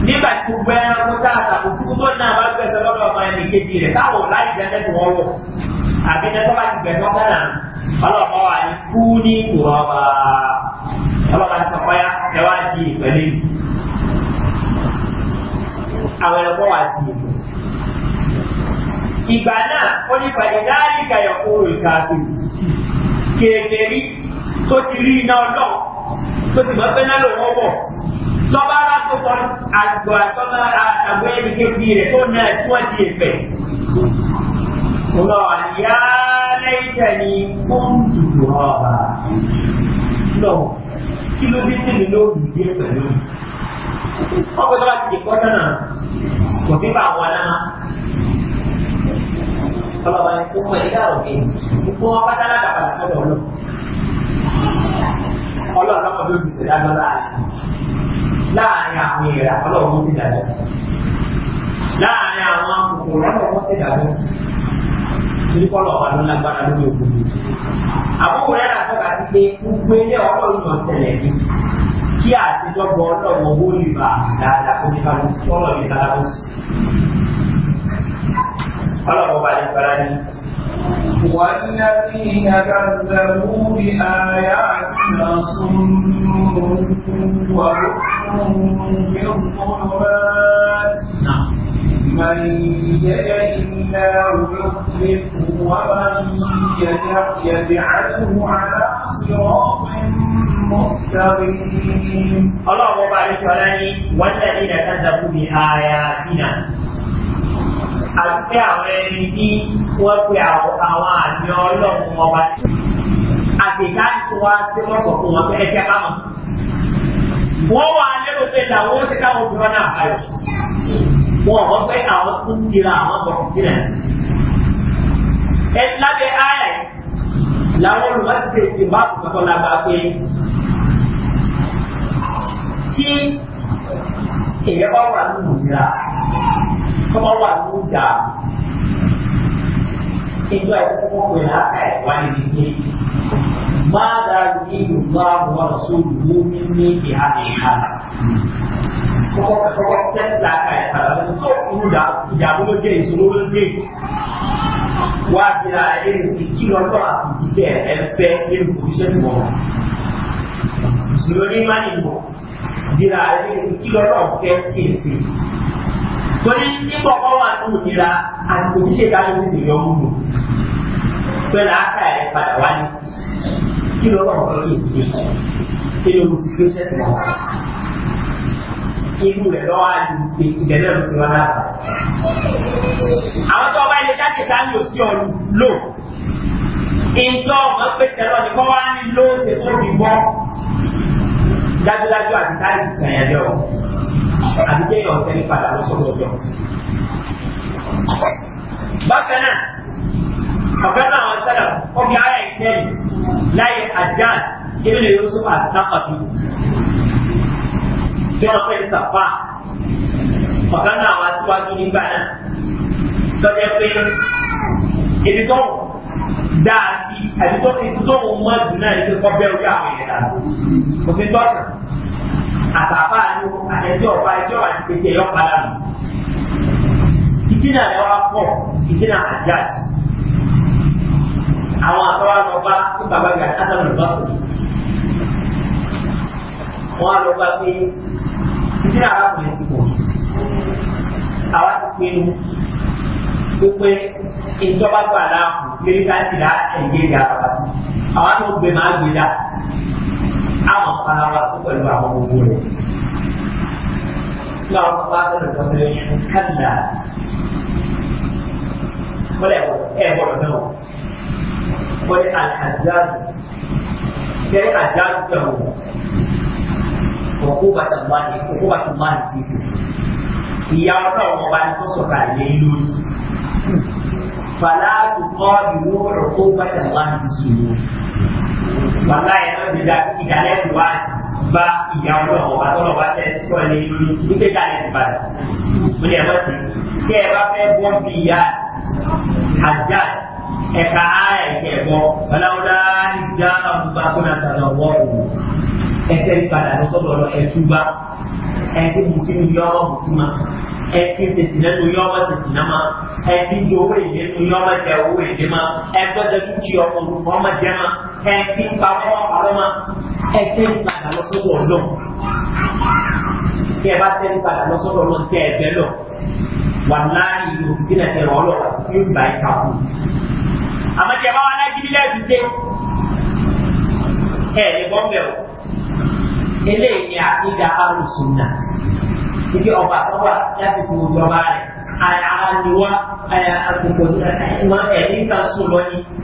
nígbà tí gbogbo ẹranko tá a tàbí síkú tó náà bá gbẹ̀sẹ̀ lọ́dọ̀ ọmọ ẹni kejì rẹ̀ káwọ̀ láì jẹ́ tí wọ́n wọ̀ àbí nẹ́tọ́ bá ti gbẹ̀sẹ̀ sẹ́nà ọlọ́ọ̀pá wa ní kú ní ìwọ̀nba ọlọ́ọ̀pá ti sọ̀kọ́ ya ẹ wá di àwọn ẹranko wa di ìgbà náà ó ní pàdédá ìkàyọ̀ kúrò ìkàkiri kéèkéèrí tọ́ba bá tó kọ́ àgbọ̀ àtọ́ba àgbọ̀ ẹni kékeré rẹ̀ tó náà tí wọ́n ti fẹ̀. Lọ yá lẹ́yìn ní kóńtù tó ọba. Lọ kí ló dé tí mi ló lù dé pẹ̀lú mi? Wọ́n gbé tọ́ba ti dè kọ́ náà kò sí bá wọn náà. Ọlọ́ba ni fún ẹ̀dá òkè gbogbo wọn bá dáná dàgbà sọ́dọ̀ ọlọ́. Ọlọ́run ló lù tẹ̀lé agbára àti láàrin àwọn ìrà ọlọ́run ti dàgbà láàrin àwọn akòkòrò ọlọ́run ti dàgbà torí kọ́lọ̀ wà ló lágbára lórí òkú mi. àbúrò rẹ̀ àtọ́ka ti pé gbogbo ilé ọlọ́run náà tẹ̀lẹ̀ ní kí àtijọ́gbọ̀ ọlọ́run owó ìbà dáadáa fún nípa kọ́lọ̀ ìbára ó sì. ọlọ́run bá ní gbára ní. والذين كذبوا بآياتنا صم وبكم في الظلمات نعم. من يشاء الله يخلفه ومن يشاء يجعله على صراط مستقيم الله أكبر عليك والذين كذبوا بآياتنا àti àwọn ẹni tí wọ́n pe àwọn àmì ọlọ́run ọba tí. Àgbèká ti wá sí wọ́n sọ fún wọn pé ẹjẹ́ bá wọn. Wọ́n wà lérò pé làwọn ti káwọn obìnrin náà báyọ̀. Wọ́n wọ́n pé àwọn tún tira àwọn bọ̀dù sílẹ̀. Ẹ lábẹ́ àyà làwọn olùmọ̀síṣe ti bá àkùnkọ́ lágbàá pé tí èyí bá wà nínú ìlera kọ́mọ́ wà ló jà ìjọ ìkókó pè láàkà ìwà níbi pé máa dára ní yorùbá àwọn ọ̀ṣọ́dù ló ní ní ìhà ìhà kọ́kọ́ kọ́kọ́ tẹ́lẹ̀ láàkà ìhà lọ́dún tó kúrú ìdààmú ló jẹ́ ìṣòro ló dé wá bí torí nígbà ọkọ wà tó nira àsìkò tí ṣe dáná ní ìlú ọmọ mi aka rẹ padà wá ní kí ló wà wọn kí ìdílé kí ló fi fi ṣe tó wọn irú rẹ lọ́wọ́ àdìsí ìdẹ́lẹ̀ ló ti wá náà. àwọn tó ọba ilé jáde sáà ní òsì ọ̀run lò ìjọ ọmọ pèsè lọ kọ́ wá ní lóòótọ́ tó fi bọ́ dájúdájú àti táyì ti sàn yẹn lọ àbí kéèyàn tẹ́lẹ̀ padà lọ sọ́dọ̀ ọjọ́. bákan náà ọ̀gá náà wọn sẹ́lẹ̀ ọ̀gá ayé ìkẹyìn láyé àjáàd ebi lè yọ sọ́kà àtàkàbí tí wọ́n fẹ́ sàfà ọ̀gá náà wọn síwájú nígbà náà tọ́jú pé ebi tó dáa sí àbí tó ti tó wọn mọ́ jù náà ní kí wọ́n bẹ̀rù àwọn èèyàn kò sí tọ́ka. àtàfà ni àtẹ̀tí ọ̀pá ẹjọ́ àti pété ẹ̀yọ́ padà nù. ìdínà rẹ̀ pọ̀ ìdínà àjáde. àwọn àtọ́wá lọ bá ní bàbá ìgbà ádàmù lọ́sùn. wọ́n á lọ bá pé ìdínà arákùnrin ti pọ̀ àwa ti ìjọba gbà ìyá bàbá sí. àwa gbé máa gbé dáa. àwọn fara wa kó pẹ̀lú àwọn gbogbo rẹ̀. Ní àwọn sọ̀rọ̀ àti ọ̀dọ̀ sọ̀rọ̀ yẹn kálá. Wọ́n ẹ̀ bọ̀dọ̀ náà. Wọ́n ní àjáàdù. Kẹ́rẹ́ àjáàdù bẹ̀rù wọ̀. Òkúbàtà máa tó sọ̀rọ̀ àyè lórí. Fàlá àtúkọ́ ìlú bàbá yẹn lọ ti da ìdálẹ́ ti wá bá ìyá ọlọ́wọ́ wa tọ́lọ̀ wá tẹ̀ sọ ní lórí wípé kálẹ̀ ti padà ó lè wọ́n ti kí ẹ bá fẹ́ bọ́ bí ìyá àjà ẹ̀ka ara ẹ̀kẹ́ bọ́ ọlọ́wọ́dá ìdá àbúgbà kó náà tà lọ́wọ́ òun ẹsẹ̀ padà lọ sọ́dọ̀ lọ ẹ̀túbá ẹtí mutí nu yọ ọmọ mutí ma ẹtí sèsì náà nu yọ ọmọ sèsì náà ma ẹtí ju owó èdè nu yọ ọmọ jẹ owó èdè ma ẹgbẹ́dẹ dúkìá ọmọ olùkọ́ ọmọ jẹ ma ẹtí pa ọmọ ọmọ ma ẹsẹ̀ padà lọ sọ́dọ̀ lọ kí ẹ bá sẹ́ni padà lọ sọ́dọ̀ lọ tẹ ẹgbẹ́ lọ wàláyé òfìsí náà tẹ̀rọ ọlọ́wà sí yóò gbà ẹ̀ka kù àmọ́ tí ẹ bá wà láyé gidi lẹ́ẹ̀dì eléyìí ni àkídà alùsùn náà ibi ọba láti ìjọba rẹ̀ ni wá àgbègbè ìmọ̀ ẹ̀rí ń kan sùn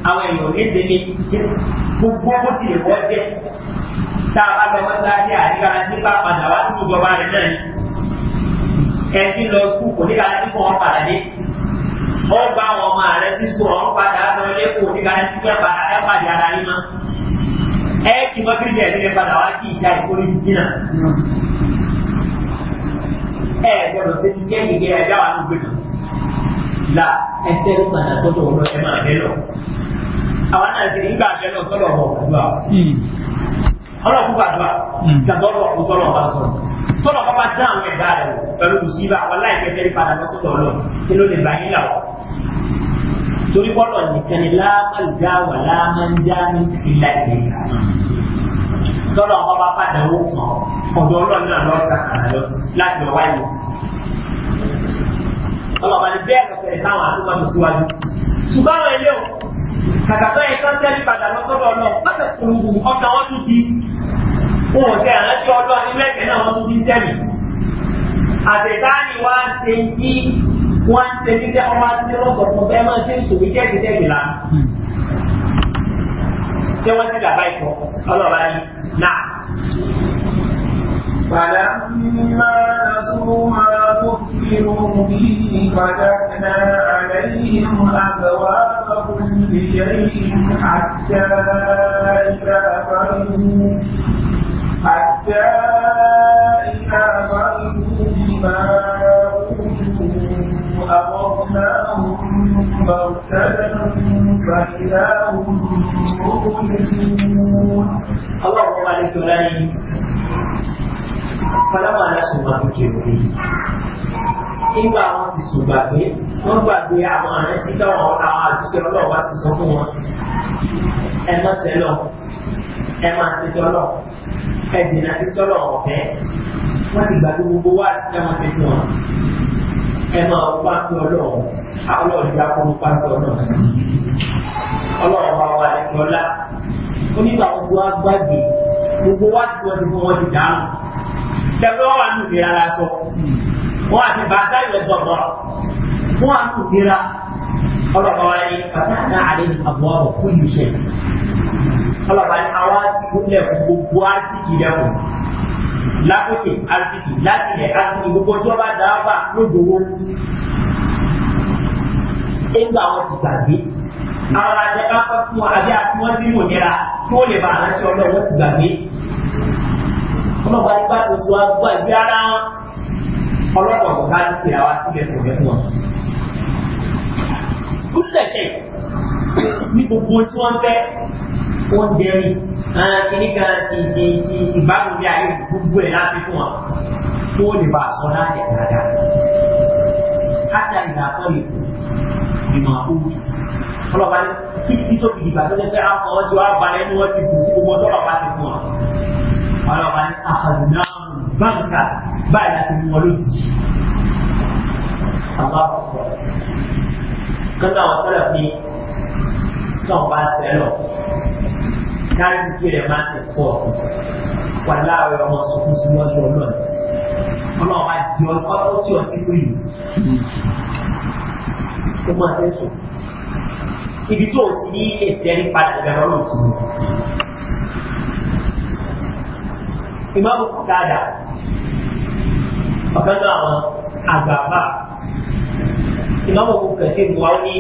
àwọn èèyàn léde ní gbogbo bó ti lè wọ́n jẹ́ tá a bá lọ wọ́n bá dé nípa padà wá sí ìjọba rẹ̀ náà ni ẹ ti lọ kú kò ní ká ní padà dé ó wọn rẹ sí sùn padà ẹ kì mọ́kìrì bí ẹ̀dẹ́gbẹ́ padà wá kí ìṣá ìkórè jìnnà. ẹ gbọdọ̀ ṣe ti jẹ́ ìgbé ẹ̀dá wà ní gbẹ̀dọ̀. la ẹsẹ̀ ló padà tó tó wọ́n ẹ máa bẹ́ lọ. àwọn náà ti nígbà bẹ́ lọ sọ́dọ̀ ọ̀bọ̀ ọ̀dùà. ọlọ́kùn gbàdúrà gbàdúrà hmm. ọ̀kùn tọ́lọ̀ tọ́lọ̀ bá bá dá àwọn ẹ̀dá rẹ̀ pẹ̀lú kùsíbà wọn láì fẹ́ tẹ́lẹ̀ padà lọ́sọ̀tọ̀ ọlọ́ kí ló lè bá yín là wọ́ torí bọ́lọ̀ nìkan ni láàmàlùjá wà láàmàlùjá ní ìlà ìlẹ̀ka tọ́lọ̀ ọmọ bá padà ó kàn ọ̀dọ̀ ọlọ́run náà lọ́ọ́ sàkàrà lọ láti ọ̀wá ìlú. ọlọ́ba ni bẹ́ẹ̀ lọ́sẹ̀rẹ̀ táwọn àtúmọ̀ ti síwájú. ṣùgbọ́n àwọn ilé o kàkà tó yẹ kán tẹ́lẹ̀ padà lọ sọ́dọ̀ ọlọ́run pátẹ̀ kùrùkù ọkàn wọn tún ti wọn ò tẹ àrántí ọlọ́run ilé ẹ̀kẹ́ náà wọn tún ti tẹ̀lé. àtẹ̀táàní wọ́n á ń ṣe bí sẹ́wọ́n wá sí lọ́sọ̀ fún bẹ́ẹ̀ máa ṣe ń sòwí jẹ́ẹ̀dì jẹ́ẹ̀dì la. ṣé wọ́n ti dàbá ìtọ́ ọlọ́ọ̀bá yìí náà. فلما نسوا ما ذكروا به فتحنا عليهم أبواب كل شيء حتى إذا فرحوا حتى موتدا فإذا هم مبلسون اللهم عليك لنا فلما نسوا ما ذكروا به nígbà wọn ti sùn gbàgbé wọn gbàgbé àwọn àrùn tí táwọn àwọn àtúnṣe ọlọ́ọ̀bá ti sọ fún wọn ẹ má tẹ́lọ̀ ẹ máa tẹ́tọ́ lọ ẹ dènà tẹ́tọ́ lọ ọ̀fẹ́ wọ́n ti gbàgbé gbogbo wá ẹ máa wá sí ọlọ́run àwọn ọ̀dọ́ akọ́nù wá sí ọlọ́run ọlọ́run bá wà ní ọlá onígbà gbogbo wa gbàgbé gbogbo wa ti wọ́n ti fún wọn ti dànù tẹ̀gbẹ́ wọn wà ní ìlera lásọ wọn àti bàtà yọ gbọ̀gbọ̀ wọn wà ní ìlera ọlọ́run wa ní bàtà náà àlẹ́ ìfàgbọ́ fún ìṣẹ̀ ọlọ́run wa ní àwọn àti gbogbo lákòókè àtìkì láti ilẹ̀ àtìkì gbogbo tí wọ́n bá dá wà lójowó. Nígbà wọn ti gbàgbé. Àwọn àjẹ bá fẹ́ fún wọn àbí àti wọ́n sínú ìnira kí wọ́n lè bá aláṣẹ ọlọ́run wọ́n ti gbàgbé. Ọlọ́pàá ní bá tuntun wa gbàgbé ara wọn. Ọlọ́pàá kò bá ti àwa sílẹ̀ kò fẹ́ fún wọn. Kúlẹ̀ ṣe ní gbogbo tí wọ́n fẹ́ wọ́n jẹ́rìí kìíní kan ti ti ti ìbámu bí ayé gbogbo ẹ̀ láti fún wa kó lè bá a sọ láàyè dáadáa. Kájà ìgbà àtọ́ lè kú ìmọ̀ àkójù. Ọlọ́ba ní títí tó fi ìgbà tó lè fẹ́ àwọn ọmọ tí wàá balẹ̀ ní wọ́n ti kù sí gbogbo ọjọ́ ti fún wa. Ọlọ́ba ní àkàdùnà báńkà báyìí láti mú wọn lójijì. Àwọn àkọ́kọ́ kọ́ńtà àwọn sọ́dọ̀ fi tí wọ́n bá sẹ́lọ̀ láti kí rẹ̀ máa ti pọ̀ sí wà láàárọ̀ ọmọ sọkún sí lọ́jọ́ ọlọ́run ọlọ́run bá a ọlọ́run tí ọtí tó yìí ó máa tẹ́ sọ ibi tó o ti ní èsì ẹni padà ìgbàlọ́ ló ti mú ìmọ̀mù kọ́kadà ọ̀kan náà àwọn àgbààbà ìmọ̀mù kọ̀kẹ́ ti wà ní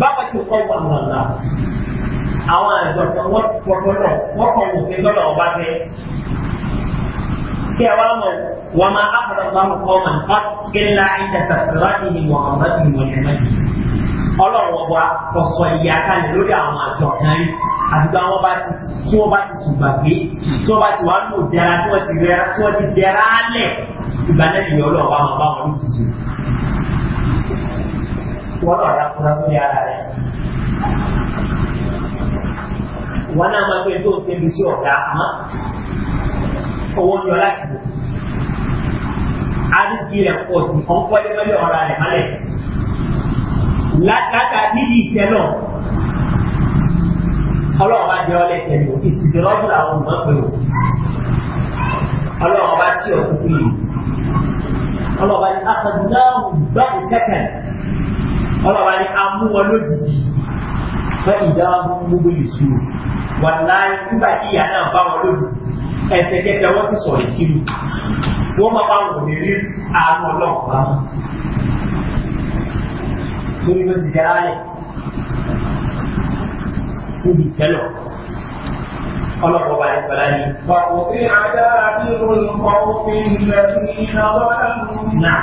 báwa ti kọ́ wà lọ́la àwọn àjọ̀kan wọ́n pọ̀pọ̀lọ̀ wọ́n kàn wò sí lọ́dọ̀ ọba tẹ́. kí ẹ wá mọ̀ wọ́n máa ápàdà láwọn kọ́ máa kọ́ kí ńlá ìjà tàṣíràtì ni wọ́n ọ̀rọ̀ ti wọ̀ ẹ̀ mẹ́jì. ọlọ́run ọba kò sọ ìyá kalẹ̀ lórí àwọn àjọ̀kan rí àtìgbà wọn bá ti tí wọ́n bá ti sùn tí wọ́n bá ti wà lò dára tí wọ́n ti rẹ́ra tí wọ́n ti dẹ́ra lẹ̀ ìgbà náà ni ọba máa bá wọn lójijì. wọ́n lọ́ọ́ wọn náà máa fẹ́ tó o tẹ́lu sí ọ̀gá àmọ́ owó ń yọ láti bò àdìsí rẹ̀ pọ̀ sí ọ̀nkọ́lé mẹ́lẹ̀ ọ̀rọ̀ rẹ̀ mọ́lẹ̀ látàkà nídìí ìfẹ́ náà ọlọ́run bá jẹ́ ọlẹ́ tẹ̀lé o ìsìnkú lọ́dún làwọn olùmọ̀ pé o ọlọ́run bá tí ọ̀sùn kú yìí ọlọ́run bá ní akadúnáhùn gbàgbé kẹ́kẹ́ ọlọ́run bá ní amúwọn lójijì fẹ́ ìdáhùn gbogbo ìṣirò wàláyé nígbà tí ìyá náà bá wọn lójú ẹsẹ̀ kẹsẹ̀ wọ́n sì sọ̀rọ̀ ìkírù wọ́n máa bá wọn lérí àánú ọlọ́run bá wọn. lórí ló ti dára yẹ níbi ìtẹ́lọ̀ ọlọ́run ọba ẹ̀ sọ̀rọ̀ yìí. wàhùn sí adára tí ó ń kọ́ òfin lẹ́sìn ìnáwó náà.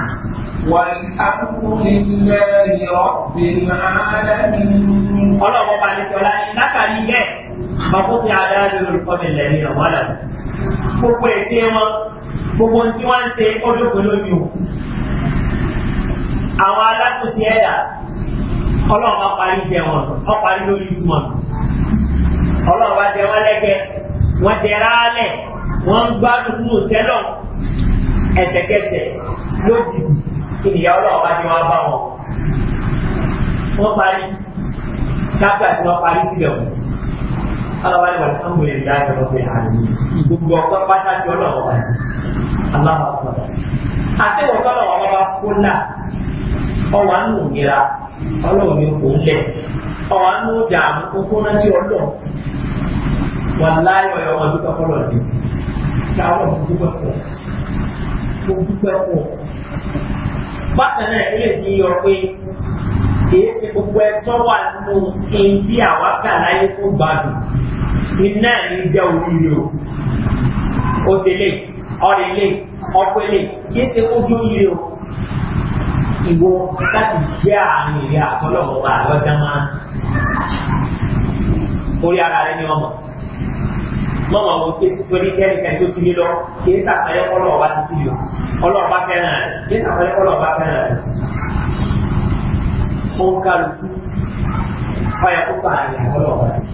والحمد لله رب العالمين. ọlọ́run ọba ní sọ̀rọ̀ látàrí bẹ́ẹ̀ fàkókè adájọ́ olùkọ́mi lẹ́yìn náà wà láti. gbogbo ètè wọn gbogbo tí wọ́n ń ṣe ọdún lómi o. àwọn alákòóso ẹ̀yà ọlọ́run bá parí jẹ wọn ọ parí lórí ìtumọ̀ ọlọ́run bá jẹ wọn lẹ́gẹ̀ẹ́ wọ́n jẹ ráálẹ̀ wọ́n ń gbádùn fún òṣèlú ẹ̀tẹ̀kẹ̀tẹ̀ lójijì ìnìyà ọlọ́run bá jẹ wọn bá wọn. wọ́n parí ṣáàpì àti wọ́n parí sílẹ̀ wọn alábàárẹ̀ wà sáńgò lè dá ìjọba pé àárín gbogbo ọ̀pá pátá tí ó lọ́wọ́ wáyé aláwọ̀ àpọ̀lọ̀ àti wọ́n sọ́lọ̀ wọn bá fún náà ọwọ́ àánú òmìnira ọlọ́run ní kò ń lẹ̀ ọwọ́ àánú ọjà àmú kókó náà wọn láyọ̀ ẹ̀ ọmọ dúpẹ́ fọlọ́ ni káwọn dúpẹ́ fọ́ mo dúpẹ́ fọ́ bákan náà ilé ti yọ pé èyí ti gbogbo ẹ tọ́wà nínú ẹni tí àwa kà láyé fún gbàdùn iná ní jẹ́ oríire o òdèlè ọ̀rẹ́lẹ̀ ọ̀pẹ̀lẹ̀ kí é ṣe ojú oríire o ìwọ láti jẹ́ àárín ìrẹ́ àtọ́lọ́wọ́ wa lọ́jà máa orí ara rẹ ní ọmọ mọ́mọ́ wo pé torí kẹ́nìkan tó ti ní lọ kí é sàpẹ́lẹ́ ọlọ́ọ̀bá ti ti lò ọlọ́ọ̀bá fẹ́ràn rẹ̀ kí é sàpẹ́lẹ́ ọlọ́ọ̀bá fẹ́ràn rẹ̀ ó ń kálukú ọyà kó pààyàn ọlọ́ọ̀bá ti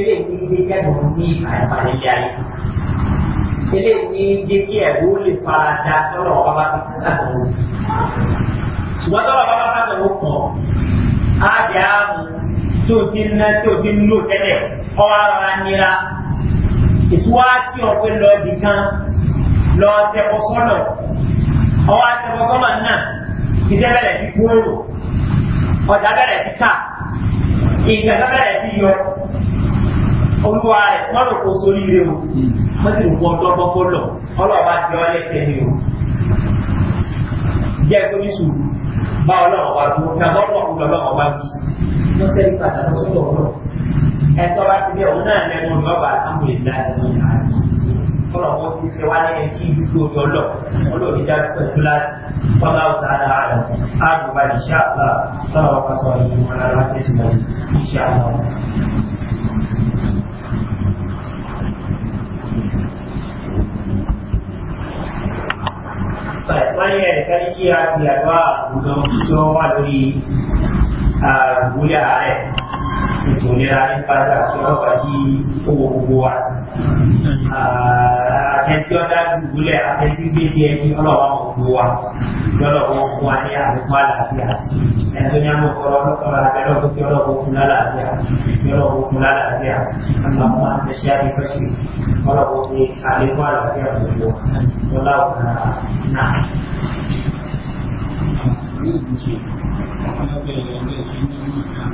eléyìí ní jẹ́ kẹ́kọ̀ọ́ ní ìfàyàbalẹ̀ ilé ayé eléyìí ní jẹ́ kí ẹ̀rú lè fara da tọ́lọ̀ ọba bá ti sàtọ̀ wò ṣùgbọ́n tọ́lọ̀ ọba bá sàtọ̀ wò kàn á jẹ́ àmú tó ti ń ná tó ti ń lò tẹ́lẹ̀ ọwọ́ ara nira ìṣúwá tí ọ̀pẹ lọ ibì kan lọ tẹ̀kọ̀ sọ́nà ọwọ́ tẹ̀kọ̀ sọ́nà náà iṣẹ́ bẹ̀rẹ̀ ti gbòòrò ọ̀dà bẹ̀rẹ̀ ti kà ìgbà bẹ̀rẹ̀ ti yọ olúwa rẹ̀ wọ́n lò kó sórí ilé o wọ́n sì rò wọ́n dọ́gbọ́n kó lọ ọlọ́ọ̀bá ti ọ́ lẹ́sẹ̀ ni o jẹ́ torí sùúrù bá ọlọ́wọ́ wa dúró ní abọ́dọ̀ ọ̀gbọ̀n lọ́wọ́ wa jù ló fẹ́ nípa àtàkùn sọ́dọ̀ ọ̀rọ̀ ẹ̀tọ́ bá ti bí ọ̀hún náà lẹ́nu ìjọba àtàkùn ìlà ẹ̀rọ ìlà kọlọ̀ wọn ti fẹ́ wá lẹ́yìn tí dúdú ojú ọlọ́ olóòdì dájú pẹ̀lú láti kọ́lá ọ̀tá ara rẹ̀ áàbò bá ìṣe àlá wọ́n ní ẹ̀ẹ̀kan ní kí a ti àdúrà ògùn tó wà lórí ìtòlera nípa àti ọlọ́pàá yí owó gbogbo wa. Àtẹ̀tí ọ̀dá dùgbúlẹ̀ àtẹ̀tí gbèsè ẹni ọlọ́wà gbogbo wa lọ́dọ̀ wọn fún wa ní àbùkù àlàáfíà. Ẹ̀tọ́ ní àwọn ọ̀rọ̀ ọlọ́pàá abẹ́rẹ́ ọ̀gbọ́n tí ọlọ́wọ́ fún lálàáfíà. Ọlọ́wọ́ fún lálàáfíà. Àmọ́ àwọn àtẹ̀ṣẹ́ àdìgbẹ́sì ọlọ́wọ́ fún àlékún àlàáfíà gbogbo. Ọlọ́wọ́ náà. Yóò dùn sí ọ̀pọ̀lọpọ̀ ẹ̀rọ ẹgbẹ́ ìṣẹ́ ní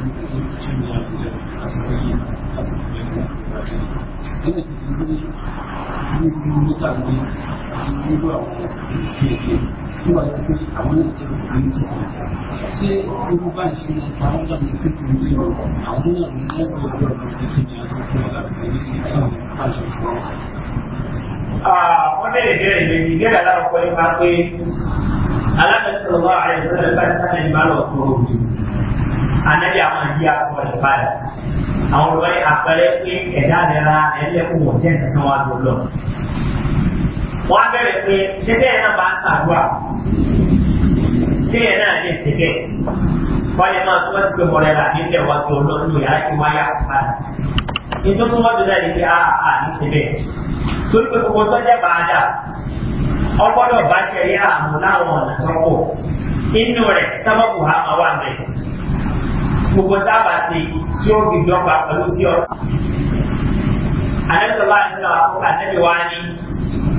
wọ́n lè bẹ̀rẹ̀ ìrìn ìgbéra lára ọ̀pọ̀ nípa pé alábẹ̀sọ̀rọ̀ àìsàn ẹ̀fà ìsàlẹ̀ ìbálòpọ̀ òjò anabi àwọn ìdí aṣọ rẹ̀ padà àwọn olùwárí àpẹẹrẹ pé ẹ̀dá rẹ̀ ra ẹlẹ́kùn wọ̀ jẹ́ nǹkan wá lọ lọ. wọ́n á bẹ̀rẹ̀ pé ṣẹ́tẹ́ ẹ̀ náà bá ń sàdúrà ṣé ẹ̀ náà lè tẹ̀gẹ̀ wọ́n lè máa tó wọ́n ti gbé wọlé rà nílẹ̀ wá tó lọ nínú yàrá tí wọ́n yà padà. nítorí wọ́n ti dáa níbi àà ní ṣẹlẹ̀ torí pé gbogbo tọ́jà bá a dà ọgbọ́dọ̀ bá ṣẹlẹ̀ àmú láwọn ọ̀nà tọ́kọ̀ inú rẹ̀ sábàbù ha máa wà mẹ́rin gbogbo dábàá ti tí ó fi dọ́gba pẹ̀lú sí ọ. Àlẹ́ sọ̀rọ̀ àti sọ̀rọ̀ àkókò àtẹ́bí wa ni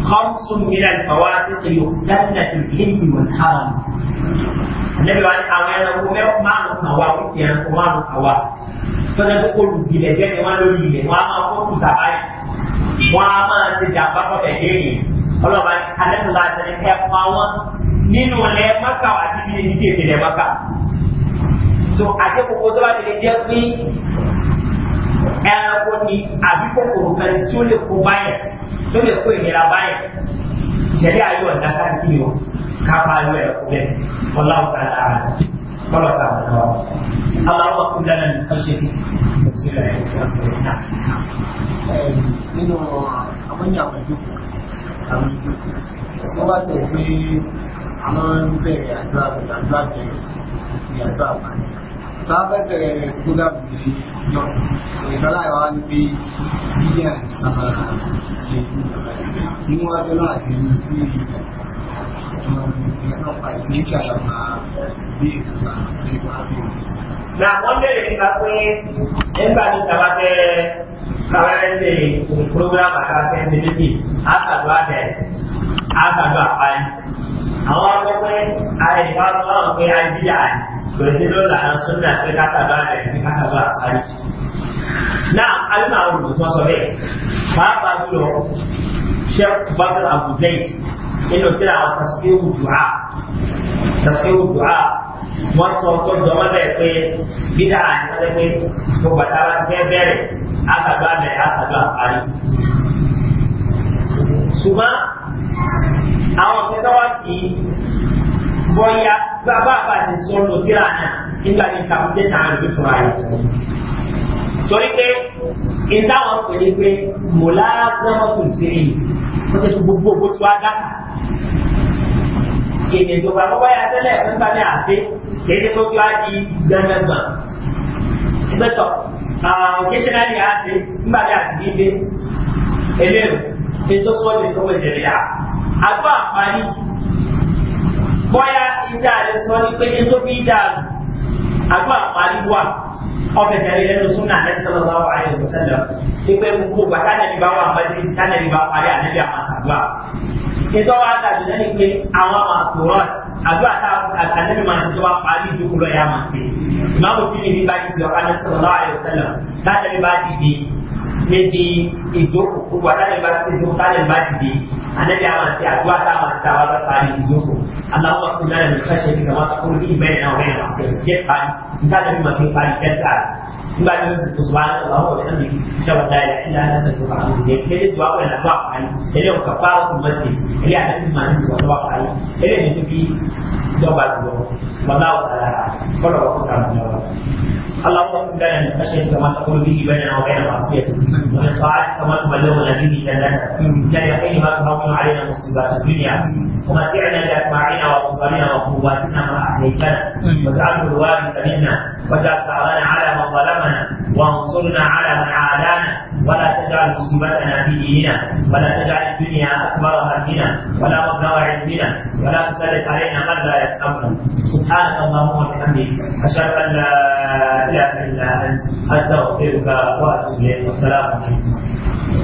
kọ́mùsùn mílíọ̀n ìfọwọ́ àti tẹ̀yọ̀ dáńdà tó kéjì wọn hàrà. Àtẹ́bí wa ni àwọn ẹranko mẹ́wọ́ márùn-ún kan wá wọ́n ti ẹranko márùn-ún kan wá. Sọ́jà tó kó olùdílẹ̀ jẹ́ ni wọ́n lórí ilẹ̀ wọ́n á máa kó tù sàbá yìí. Wọ́n á máa ti jà bá bọ́bẹ̀ léyìn. Ọlọ́ba àlẹ́ sọ̀rọ̀ àti ẹ̀ nínú ilẹ̀ mọ́kà àti mọ́kà so àṣẹ kòkó tó bá ti lè jẹ́ pé ẹranko ni àbí kòkòrò kan tí ó lè kó báyẹn tó lè kó ìnira báyẹn ìṣẹ̀lẹ̀ ayé ọ̀dà káàkiri o ká bá ayé ẹ̀kọ́ bẹ́ẹ̀ ọláwọ̀ kan lára kọ́lọ̀ kan lọ́wọ́ aláwọ̀ tún dáná ní ọ̀ṣẹ́tì nínú àwọn àwọn ìjókòó àwọn ìjókòó wọ́n bá sọ pé àwọn bẹ̀rẹ̀ àdúrà bẹ̀rẹ̀ àdúrà bẹ̀rẹ̀ ní àdúrà bẹ̀rẹ̀ sábẹ́ bẹ̀rẹ̀ program yìí náà ìgbàláyà wa ni di yíyà sábàá ṣe ní wọ́n jọ náà àti ní sí na wọ́n bẹ̀rẹ̀ nípa pé nígbà tí sábà ke, sábà tẹ program àti àti ẹni dua àtàdó àtẹ dua àpáyé. Awak akẹ́kọ̀ọ́ ara ìfà sọ̀rọ̀ pé àjíyà gbèsè lọ́la sọ́nà pé kátàbá rẹ̀ ní kátàbá àkárí. náà alẹ́ àwọn olùdókòwò sọ bẹ́ẹ̀ pàápàá jùlọ sheikh bakr abu zayd nínú tíra àwọn tasiru dùá doa, dùá wọ́n sọ tó jọmọ́ bẹ́ẹ̀ pé bídà àyẹ̀wò pé gbogbo àtàwọn ti fẹ́ bẹ̀rẹ̀ àtàbá àwọn kẹta wá sí bọ́yá bàbá àbá ti sọ̀rọ̀ síra náà nígbà tí kàwé sàn ti fura yìí. torí pé ìdáhùn pè ní pé mọ̀lá sẹ́mọ̀tò ìṣeré wọ́n ti tún gbogbo owó tí wọ́n á dáta. èdè ìjọba wọ́n wáyà tẹ́lẹ̀ nígbà ní àti kéde tó tí wọ́n á di gbẹ̀gbẹ̀gbà. ìgbẹ́tọ̀ occasionally àti nígbà ní àti ní ilé eléyìí ètò sọ́ọ̀dì tó wẹ̀ jẹ̀rẹ̀ yà àdúrà parí bọ́yá ìdá rẹ̀ sọ ní pé ní tó bí ìdá àdúrà parí wà ọbẹ̀ tẹ̀lé lẹ́nu súnà àdẹ́sọ̀lọ́wọ́ àyẹ̀sọ̀sẹ́lẹ̀ ìpè gbogbo gbà tánàbí bá wà mọ́tí tánàbí bá parí ànábì àmàṣàdúrà ìtọ́wọ́ àtàbí lẹ́nu pé àwọn àmàṣàdúrà àdúrà tá àtàlẹ́bí máa ń tó wá parí ìdókòó lọ yá máa ṣe ìmáàmù tí níbi bá ti sọ àdẹ́sọ̀lọ́wọ́ àyẹ̀sọ̀sẹ́lẹ̀ tánàbí bá dìde níbi ìjókòó gbogbo àtàlẹ́bí bá ti annabi ya mana sai addu'a ta mana ta wa ta ni zuko Allahumma qul lana min khashyatik ma taqul bi bainana wa bain ma'siyatik ya ta in ka da mai fa ni kanta in ba ni su subhanahu wa ta'ala wa annabi sha wa ta'ala illa anta tu'amu ya ke du'a wa la ba ai ele o kafaratu mati ele ya ta ma ni wa ba ai ele ni tuki do ba do wallahu ta'ala ko ko sa ni wa اللهم اغفر من خشيتك ما تقول به بيننا وبين معصيتك ومن طاعتك ما تبلغنا به جنتك من اليقين ما تهون علينا مصيبات الدنيا ومتعنا باسماعنا وابصارنا وقواتنا ما احييتنا واجعله الوارث منا واجعل ثارنا على من ظلمنا وانصرنا على من عادانا ولا تجعل مصيبتنا في ديننا ولا تجعل الدنيا اكبر همنا ولا مبلغ علمنا ولا تسلط علينا من لا يفهمنا سبحانك اللهم وبحمدك اشهد ان لا اله الا انت استغفرك واتوب اليك والسلام عليكم